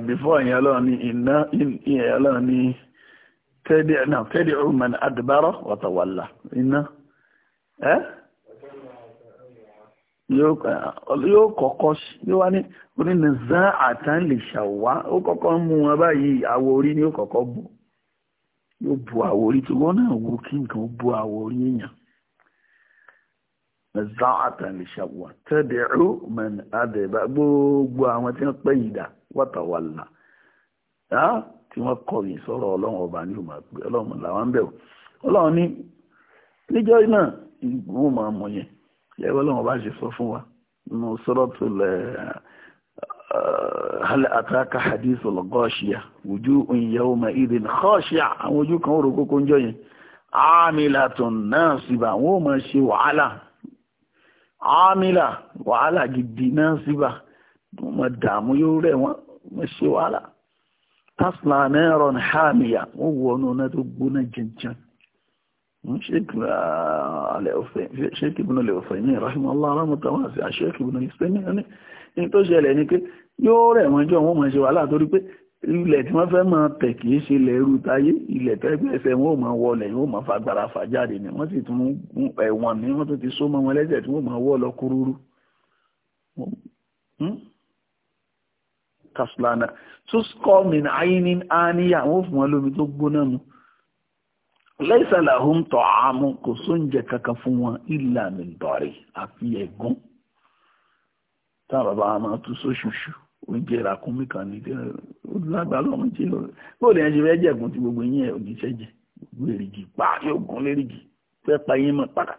before ìyẹn ọlọ́run ní iná ọlọ́run ní tẹ́dí ọ̀rùn iná yóò kọ́kọ́ yóò wá ní onínàzá àtàn lè ṣàwá ó kọ́kọ́ mú wọn báyìí àwọ̀ orí ni ó kọ́kọ́ bù yóò bu àwọ̀ orí tí wọ́n náà wo kí nǹkan bu àwọ̀ orí èèyàn nàzá àtàn lè ṣàwá tẹ́dẹ̀ẹ́rù mẹ́ni àdẹ̀bá gbogbo àwọn tí wọ́n pẹ́ yìí dà wàtàwàlà tí wọ́n kọ̀yìn sọ̀rọ̀ ọlọ́run ọba ní òmà pé ọlọ́run làwọn ń bẹ̀rù ọlọ́run ní níjọ́ náà ìgbóhùn máa mọ̀ yẹn yẹ́wọ́ lọ́wọ́ bá ṣe sọ fún wa nínú suratul eh, eh, hal ataka hadithul ghashiya wujuhun yawma idhin khashiya àwọn ojú kan rò kókó ń jọ yẹn amilatun nasiba àwọn ò máa ṣe wàhálà amila wàhálà gidi nasiba wọ́n máa dààmú yóò rẹ̀ wọ́n máa ṣe wàhálà tasla naran hamiya wọ́n wọ̀ ọ́nà tó gbóná jẹjẹrẹ ṣéèkì ibùnú lè ọ̀fẹ́ ní ìrọ̀ṣìmọ̀ aláàrámọ̀ta wà sí àṣẹ́kì ibùnú ìsẹ́mì ní tó ṣẹlẹ̀ ní pé yóò rẹ̀ wọ́n jọ wọ́n mọ̀ ṣe wà látorí pé ilẹ̀ tí wọ́n fẹ́ mọ̀ tẹ̀ kì í ṣe ilẹ̀ ẹrú táyé ilẹ̀ tẹ́gbẹ́ ẹsẹ̀ wọn ò mọ̀ wọlẹ̀ wọn ò mọ̀ fagbára fà jáde ni wọ́n sì tún ẹ̀wọ̀n ni wọ́n tún ti só mọ́ wọn lẹ́sẹ̀ tí kasulana tó skọ́ mi ní ayé ní àníyà wọ́n fún wọn lómi tó gbóná mu lẹ́sà làhùn tọ̀ àmú kò sóúnjẹ kankan fún wọn ìlà mi dọ̀rẹ̀ àfi ẹ̀gún táwọn bàbá wa máa tú sóṣùṣù oúnjẹ ìràkúnmí kan ní lágbàá lọ́mú jẹ́ ó lè ṣe fẹ́ jẹ̀gún tí gbogbo yín ẹ̀ ò ní ṣẹ́jẹ̀ gbogbo èrìgì pa yóò gún lérìgì fẹ́ pa yín mọ̀ padà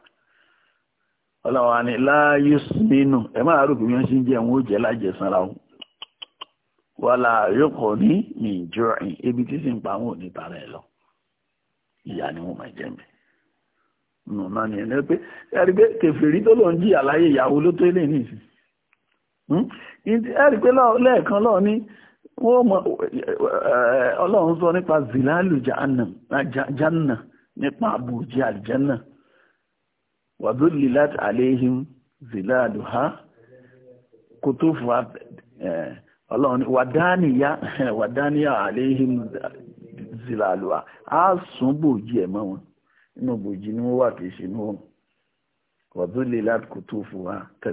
ọlọ́wà ni láàyè nínú ẹ máa rò pé wọ́n ṣe ń jẹ wọn ó jẹ lájẹsára o wà láàyè kò ní mìjọ ebi tí sì ń pa wọn ò tara ẹ lọ ìyá ni wọ́n máa jẹ́ mi nù náà ni ẹni pé ẹ̀rí pé kẹfìrí tó lọ ń jìyà láyé ìyàwó ló tó lè ní ìsìn hmm? ẹ̀rí pé lẹ́ẹ̀kan lọ́ọ̀ ní wọ́n mọ ọlọ́run sọ nípa zilalu janna nípa àbùjẹ àlìjánà wàdúlì láti àléhìn zilalu ha kò tó fún wa ọlọ́run wàdáníyà àléhìn zilalu ha á sún bòjì wọn ni wọ́n wà kì ṣe wa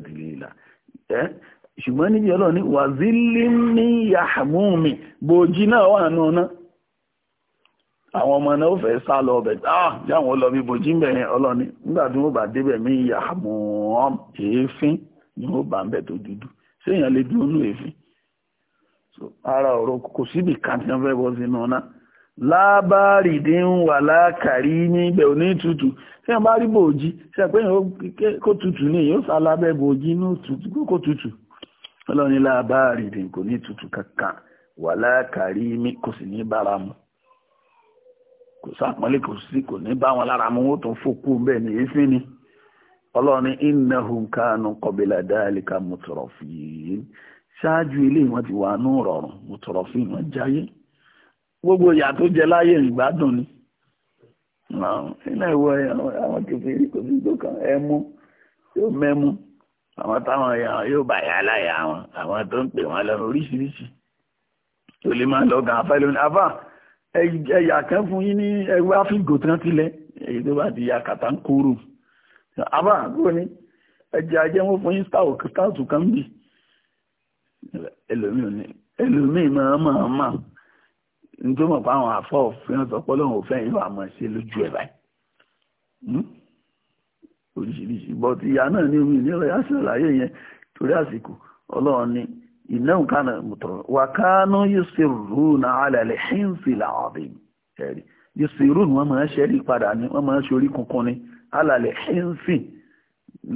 ìlà ẹ́ ṣùgbọ́n níbi ní wàzílì ní náà wà nù àwọn ọmọ náà ó fẹ́ sá lọ ọbẹ̀ ah jáwọn ń nígbà tí wọ́n bá débẹ̀ mí èéfín ni wọ́n bá ń bẹ̀ tó dúdú lè dúró èéfín ara ọ̀rọ̀ kò síbi lábáàrìdín wà láàkàrí ní ibẹ̀ ò ní tutù tí wọ́n bá rí bòójì ṣàpé kó tutù ní ní tutù kó tutù kò ní tutù kankan wà láàkàrí mi kò sì ní bára mu kò sápọ́nlé kò sí kò ní bá wọn lára mu wọ́n tó fòkú bẹ́ẹ̀ ní ni ọlọ́ni ṣáájú ilé ti wà rọrùn jáyé. gbogbo ìyà tó jẹ láyé ìgbádùn ni iná ìwọ àwọn kẹfìrí kò sí tó kàn ẹmu yóò mẹmu àwọn táwọn èèyàn yóò bà yà láyà àwọn àwọn tó ń pè wọn lọ oríṣiríṣi tó lè máa lọgàn afẹ lónìí afá ẹyà kan fún yín ní ẹgbẹ áfíríkò tán tilẹ èyí tó bá ti ya kàtà ń kúrò afá kúrò ní ẹjẹ ajẹmú fún yín stáàtù kan bì ẹlòmíì máa máa máa nítorí mọ̀ pé àwọn àfọ́ òfin ọ̀tọ̀pọ̀ lòun ò fẹ́ yóò àmọ́ ṣe lójú ẹ̀ báyìí hmm? oríṣiríṣi bọ́tí ìyá náà ní omi ìnira yá sí àlàyé yẹn torí àsìkò ọlọ́run ni ìnáhùn kánà mùtọ̀rọ̀ wà kánú yusirruna ala al-hinsil azim ẹ̀rí yusirrun wọ́n máa ń ṣẹ́rí padà ní wọ́n máa ń ṣorí kunkun ní ala al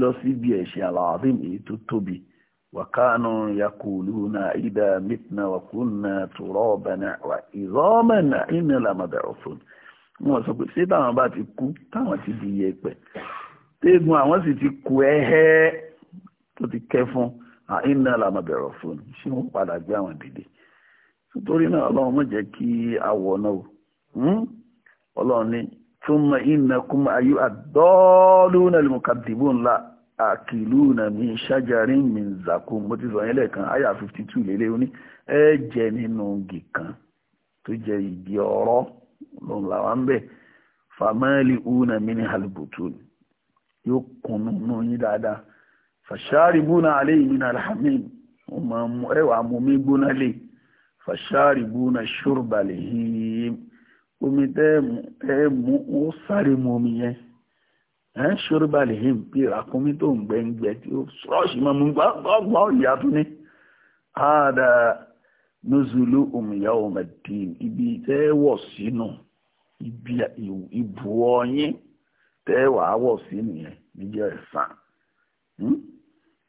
lọ sí ibi ẹ̀ṣẹ̀ al-azim èyí tó tóbi وكانوا يقولون إذا متنا وكنا ترابا وعظاما إنا لمبعوثون wọ́n sọ pé ṣé táwọn bá ti kú táwọn ti di yẹ̀pẹ̀ téegun àwọn sì ti kú ẹ̀hẹ́ tó ti kẹ́ fún àìnà làmàbẹ̀rọ̀ fún ṣé wọ́n padà gbé àwọn dìde nítorí náà ọlọ́run mọ̀ jẹ́ kí awọ náà hmm? ọlọ́run ní túmọ̀ ayú àdọ́ọ́lù ńlá akiluna min mi min zakum mo ti sọ yẹn lẹ́ẹ̀kan aya fifty two lélẹ́ oní ẹ jẹ nínú igi kan tó jẹ igi ọ̀rọ̀ lòun làwọn ń bẹ̀ famali una min halbutun yóò kunu nù yín dáadáa fasharibuna alayhi min alhamim wọn máa mú ẹ wàá mú mi gbóná lé fasharibuna shurbal him omi tẹ́ ẹ mú ó sáré mu omi yẹn ẹ̀ ṣorúbà lè hìn bí ìràkúnmí tó ń gbẹ̀ngbẹ̀ tí ó ṣọ́ọ̀ṣì mọ́ mú gbọ́gbọ́n ìyá tún ní ààdà nuzulu òmìyá òmìdín ibi tẹ́wọ̀ sínú ibi ìbù ọyín tẹ́wọ̀ àwọ̀ sí nìyẹn níjẹ́ ẹ̀sán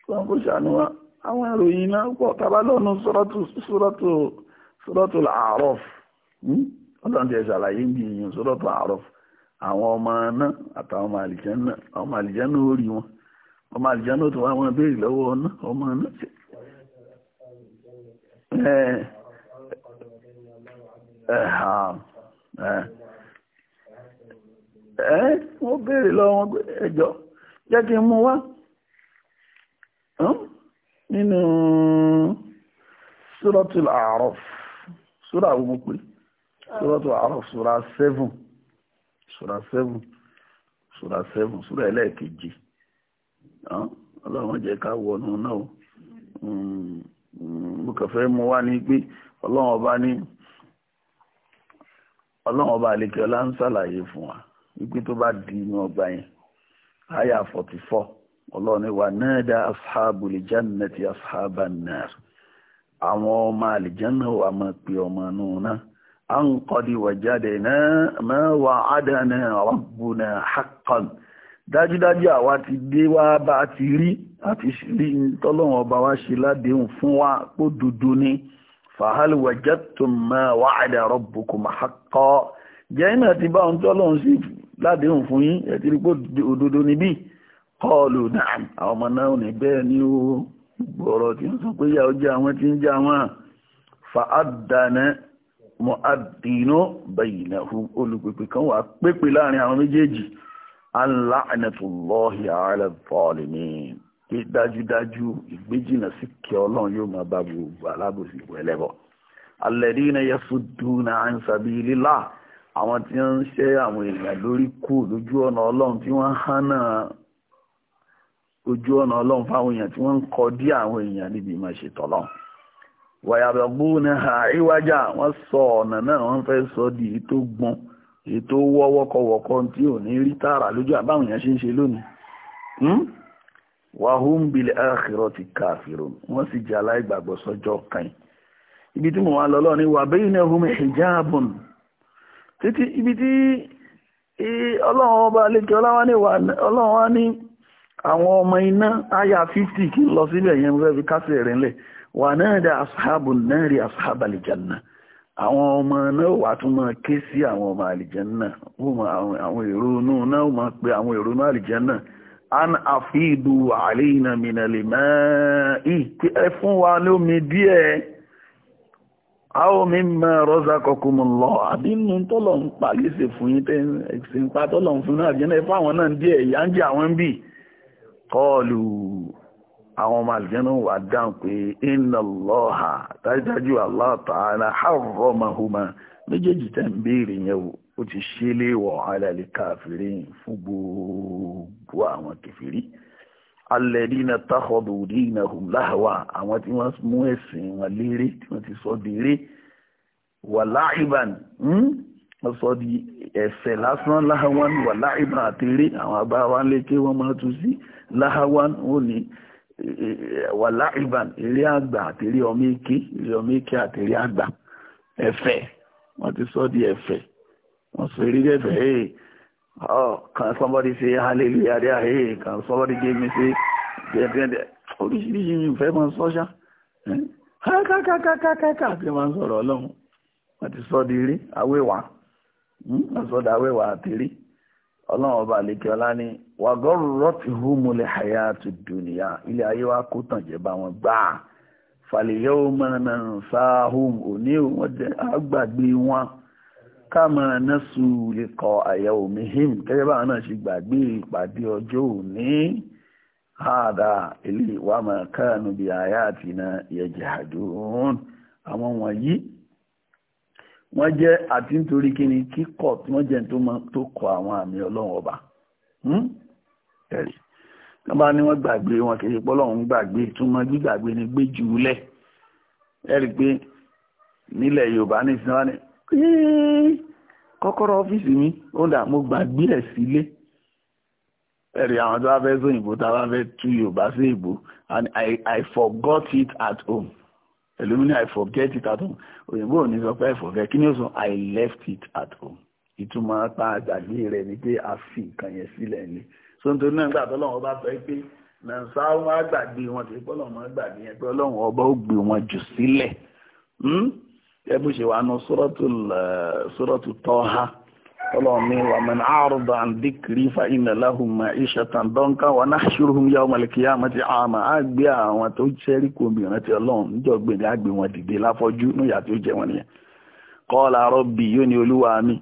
wọn hm? kò ṣàánú wa àwọn ìròyìn náà pọ̀ tabalọ́nu sọ́rọ́tù sọ́rọ́tù sọ́rọ́tù àárọ̀f hm? ọlọ́run ti ṣàlàyé ń bí ìyẹn sọ́rọ́tù àárọ̀f àwọn ọmọ náà àtàwọn ọmọ àlìjẹ́n náà àwọn ọmọ àlìjẹ́n náà ó rí wọn ọmọ àlìjẹ́n náà tó wá wọn béèrè lọ́wọ́ náà ọmọ náà ṣe. ẹ wọ́n béèrè lọ́wọ́ wọn pé ẹjọ́ jẹ́ kí n mú wá nínú Suratul A'raf sura àwọn ọmọ pé Suratul A'raf sura seven. sura seven sura seven sura ẹlẹ́ẹ̀kejì ọlọ́run jẹ́ ká wọnú náà hmm, mo kàn fẹ́ mú wá ní pé ọlọ́run ọba ní ọlọ́run ọba àlekè ọlá ń tó bá di inú ọgbà yẹn àyà forty four ọlọ́run ní wa nada ashabul jannati ashaban àwọn ọmọ àlìjánná máa ọmọ náà. an qad wajadna ma wa'adana rabbuna haqqan dájúdájú àwa ti dé wá bá a ti rí àti rí tọ́lọ́wọ́n ọba wa ṣe ládéhùn fún wa pó dúdú ni fahal wajadtum ma wa'ada rabbukum haqqan jẹ́ náà ti bá ohun tọ́lọ́wọ́n sí ládéhùn fún yín ẹ̀ rí pó òdodo níbí qalu na'am àwọn ọmọ náà ní bẹ́ẹ̀ ni ó gbọ́rọ̀ tí ń sọ pé yà ó jẹ́ àwọn tí ń jẹ́ àwọn fa'adana mu'addinu bainahum olùpèpè kan wà pépè láàrin àwọn méjèèjì aláàánẹ́tòlọ́hì ààrẹ bọ́ọ̀lì ni kí dájúdájú ìgbéjìnà sí kí ọlọ́run yóò máa bá gbogbo alábòsí wẹ̀lẹ́bọ̀ alladina àwọn tí wọ́n ń ṣẹ́ àwọn èèyàn lórí lójú ọ̀nà ọlọ́run tí wọ́n hánà ojú ọ̀nà ọlọ́run fáwọn èèyàn tí wọ́n ń kọ dí àwọn èèyàn níbi ìmọ̀ ìṣètọ́lọ́run wàyàbẹ̀gbóná àríwájà wọ́n sọ ọ̀nà náà wọ́n fẹ́ sọ di èyí gbọ́n èyí wọ́ wọ́kọ̀wọ́kọ́ tí ò ní rí tààrà lójú àbáwọn èèyàn ṣe ń ṣe lónìí hmm? bílẹ̀ ti wọ́n sì jẹ́ aláìgbàgbọ́ sọ́jọ́ kan ibi tí mo wà lọ́lọ́ ni wà bẹ́yìn náà hùmẹ̀ hijabun títí ibi tí ọlọ́run ọba lẹ́kẹ́ wà náà dá asáàbù náà rí asáàbù àlìjánná àwọn ọmọ náà wà tún máa ké sí àwọn ọmọ àlìjánná àwọn èrò náà ó máa pe àwọn èrò náà àlìjánná an àfihìdù àlẹ́yìnà mìnàlè mẹ́ẹ̀ẹ́ ẹ fún wa lómi díẹ̀ àwọn mi mọ rọ́sà kọkùnmù lọ àbínú tọ́lọ̀ ń pa léṣe fún yín tẹ́ ẹ̀sìn pa tọ́lọ̀ ń fún náà àbíyẹn náà fáwọn náà díẹ̀ ìyá ń jẹ àwọn ń bì kọ́ọ̀lù àwọn ọmọ àlùjànnà wà dáhùn pé inna Allaha dájúdájú Allah ta'ala harramahuma méjèèjì tẹ̀ ń béèrè yẹn o ó ti ṣe léèwọ̀ ala likafirin fún gbogbo àwọn kẹfìrí alladina takhadu dinahum lahwa àwọn tí wọ́n mú ẹ̀sìn wọn léré tí wọ́n ti sọ di eré wà láìbàn hmm? wọ́n sọ di ẹ̀sẹ̀ lásán láhàwán wà láìbàn àti eré àwọn abáwá lékè wọ́n máa tún sí láhàwán ó ní wà láìbàn eré àgbà àti eré ọmọ èké eré ọmọ èké àti eré àgbà ẹ̀fẹ̀ wọ́n ti sọ di ẹ̀fẹ̀ wọ́n sọ eré ẹ̀fẹ̀ hey oh can somebody say hallelujah there hey can somebody give me say dẹ́dẹ́dẹ́ oríṣiríṣi mi fẹ́ máa sọ́ṣá kákàkàkàkàkà tí wọ́n sọ̀rọ̀ ọlọ́run wọ́n ti sọ di eré awéwà hmm, wọ́n sọ di awéwà àti eré ọlọ́run ọba àlekè ọlá ní wàgọ́rọ̀tì húmulẹ̀ àyà tó dùnìyà ilé ayé wa kó tàn jẹ́ bá wọn gbà fàlẹ́yẹ́ ó mọ̀nà sáhùn òní wọn jẹ́ àgbàgbé wọn káàmà nẹ́sù lè kọ àyẹ̀wò mihim gẹ́gẹ́ báwọn náà ṣe gbàgbé ìpàdé ọjọ́ òní àdá ilé ìwà màkánù àyà àti ìyẹn jẹ́ àdúrún àwọn wọ̀nyí wọ́n jẹ́ àti nítorí kí ni kíkọ̀ tí wọ́n jẹ́ tó kọ àwọn àmì ọlọ́run ọba hmm? ẹ̀rí tó bá ní wọ́n gbàgbé wọn kì í ṣe pọ́lọ́run gbàgbé ìtumọ̀ gbígbàgbé ni gbé jù ú lẹ̀ ẹ̀rí pé nílẹ̀ yorùbá ní ìsinmi wá ní kọ́kọ́rọ́ ọ́fíìsì mi ó dà mo gbàgbé ẹ̀ sílé ẹ̀rí àwọn tó bá fẹ́ sóyìnbó tá bá fẹ́ tú yorùbá sí ìbò and I, I forgot it at home ẹlòmí i forget it at home òyìnbó ò ní sọ pé i forget kí ni ó sọ i left it at home ìtumọ̀ apá àgbàgbé rẹ̀ ni pé a fi nǹkan yẹn sílẹ̀ ni so nítorí náà nígbà tọ́lọ́run ọba sọ pé nàìsá wọn á gbàgbé wọn kì í pọ́ lọ́wọ́ wọn gbàgbé yẹn pé ọlọ́run ọba ó gbé wọn jù sílẹ̀ hmm? ẹ bó ṣe wà nù sọ́rọ́tù tọ́ha ọlọ́ọ̀mí wà mẹ́ni àrùdà àndíkìrí fàínà láhùnmá ìṣẹ̀tàn dọ́nkà wà náà ṣúrùhùn yá ọmọ ìlẹ̀kìyà àmọ́tí àmà á gbé àwọn tó ṣẹ́rí kò mìíràn tí ọlọ́run níjọ́ gbèdé á gbé wọn dìde láfọ́jú níyà tí ó jẹ wọn nìyẹn kọ́ọ̀lá rọ́bì yóò ní olúwa mi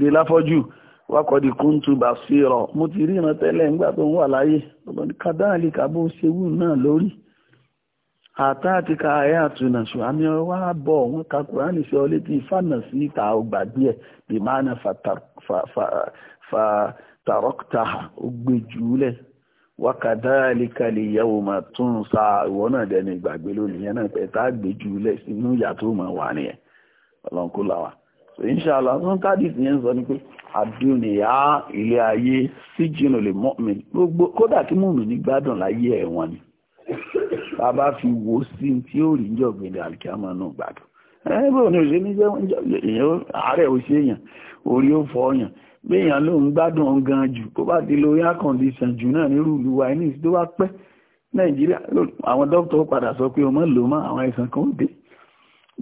lima kúntù bá sí rọ̀ mo ti ríran tẹ́lẹ̀ ńgbà tó ń wà láyé ọlọ́ni kàdáàlì kàbó ṣewú náà lórí àtàtì ka ayé àtúnà ṣùgbọ́n wá bọ̀ wọ́n ka kùránì sí ọ létí fànà sí ìta ọgbà díẹ̀ bí máa na fàtàrọ́kítà ògbé jùúlẹ̀ wákàdáàlíkà lè yẹ̀wò máa tún sa ìwọ náà dẹni ìgbàgbé lónìí yẹn náà pẹ̀tà gbé jùúlẹ̀ sínú ìyà máa wà nìyẹn ọlọ́nkó làwà so inṣàlá tó ń tádìs yẹn sọ ni pé àdúnìyà ilé ayé síjìnà lè mọ́ mi gbogbo kódà kí mùmí ní gbádùn láyé ẹ̀wọ̀n ni bàbá fi wò ó sí tí ó rí níjọ́ gbèdé àlùkìyàmọ́ náà gbàdùn ẹ bó ni òṣèlú jẹ́ èèyàn ààrẹ òṣè èèyàn orí ó fọ́ èèyàn béèyàn ló gbádùn gan jù kó bá ti lo air condition jù náà nírú ìlú wa ní ìsìn tó bá pẹ́ nàìjíríà àwọn dókítà ó padà sọ pé o mọ̀ lò mọ́ àwọn àìsàn kan ó dé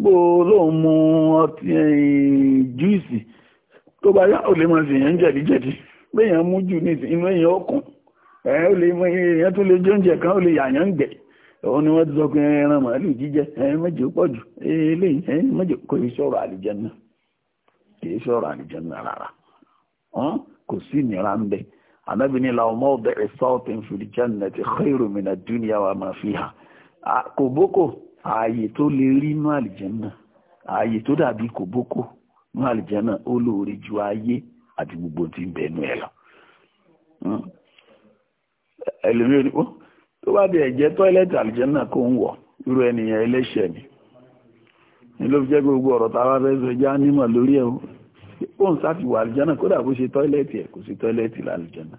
bó lóun mu ọtí júìsì tó bá yá ò lè mọ̀ sí èèyàn jẹ̀díjẹ̀dí béèyàn mú jù ní ìsìn inú èèyàn ó ó lè mọ èèyàn tó lè jóúnjẹ kan ó lè yàyàn ń gbẹ̀ òun ni wọ́n ti sọ pé ẹran màálù jíjẹ mẹ́jọ pọ̀ jù eléyìí kò yí sọ̀rọ̀ àlìjẹ́nà kì sọ̀rọ̀ àlìjẹ́nà rárá kò sí ìnira ń làwọn ọmọ ti wa kòbókò ààyè tó lè rí àlìjẹ́nà ààyè tó dàbí kòbókò àlìjẹ́nà ó lóore ju ayé àti gbogbo lọ ẹlòmí òdìbò tó bá di ẹ̀jẹ̀ tọ́ílẹ̀tì àlùjẹ́nà kò ń wọ̀ irú ẹnìyàn ẹlẹ́ṣẹ̀ ni ní ló fi jẹ́ gbogbo ọ̀rọ̀ tá a bá fẹ́ sọ já nímọ̀ lórí ẹ̀ ó ń sáfìwà àlùjẹ́nà kódà kó ṣe tọ́ílẹ̀tì ẹ̀ kò sí tọ́ílẹ̀tì lálùjẹ́nà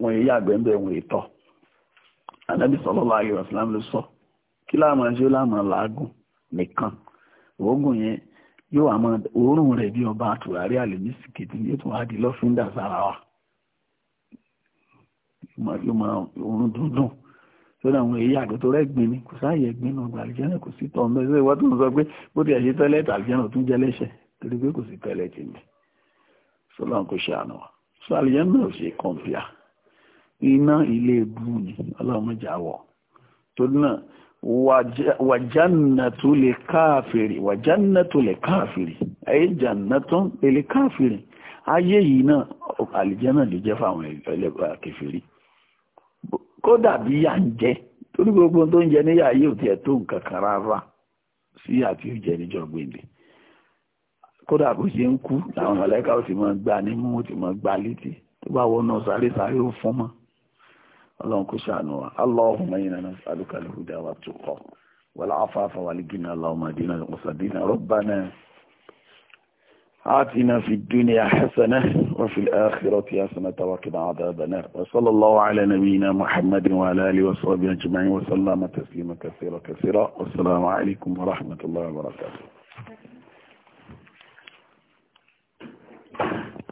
wọn èyí àgbẹ̀ ń bẹ̀ wọn ètọ́ anábì sallallahu alaihi wasallam ló sọ kí láàmú ẹṣẹ́ láàmú làágùn nìkan òógùn yẹn yóò àmọ́ òórùn rẹ̀ bí ọba àtùràrí àlèmísìkì tí yóò tún wá di lọ́fíńdà sára wa yóò máa òórùn dúndùn sórí àwọn èyí àdótó rẹ́gbin ni kò sáàyè ẹ̀gbin náà gba àlùjẹ́nà kò sí tọ́ mẹ́sẹ̀ ìwà tó ń sọ pé bó ti ẹ̀ṣẹ́ tẹ́lẹ̀tì àlùjẹ́nà tún jẹ́ lẹ́ṣẹ̀ torí pé kò sí tẹ́lẹ̀tì mi sọlá kò ṣe àná wa sọ àlùjẹ́nà ò ṣe kọ̀ǹpìà iná ilé ebú ni ọlọ́run jà wọ̀ torí náà wàjánnàtú lè káàfìrì wàjánnàtú lè káàfìrì ayé jànnàtú lè káàfìrì ayé yìí náà àlùjẹ́nà ló jẹ́ fáwọn kèfèrí kódà bí yà ń jẹ torí gbogbo tó ń jẹ níyà yìí ò tiẹ̀ tó nǹkan kan rárá sí àti ìjẹ níjọ gbèdè kódà bó ṣe ń kú làwọn ó ti mọ gbà nímú ó ti mọ gbà létí tó bá wọnú sáré sáré ó fún kò ṣàánú wa آتنا في الدنيا حسنة وفي الآخرة حسنة وقنا عذابنا وصلى الله على نبينا محمد وعلى آله وصحبه أجمعين وسلم تسليما كثيرا كثيرا والسلام عليكم ورحمة الله وبركاته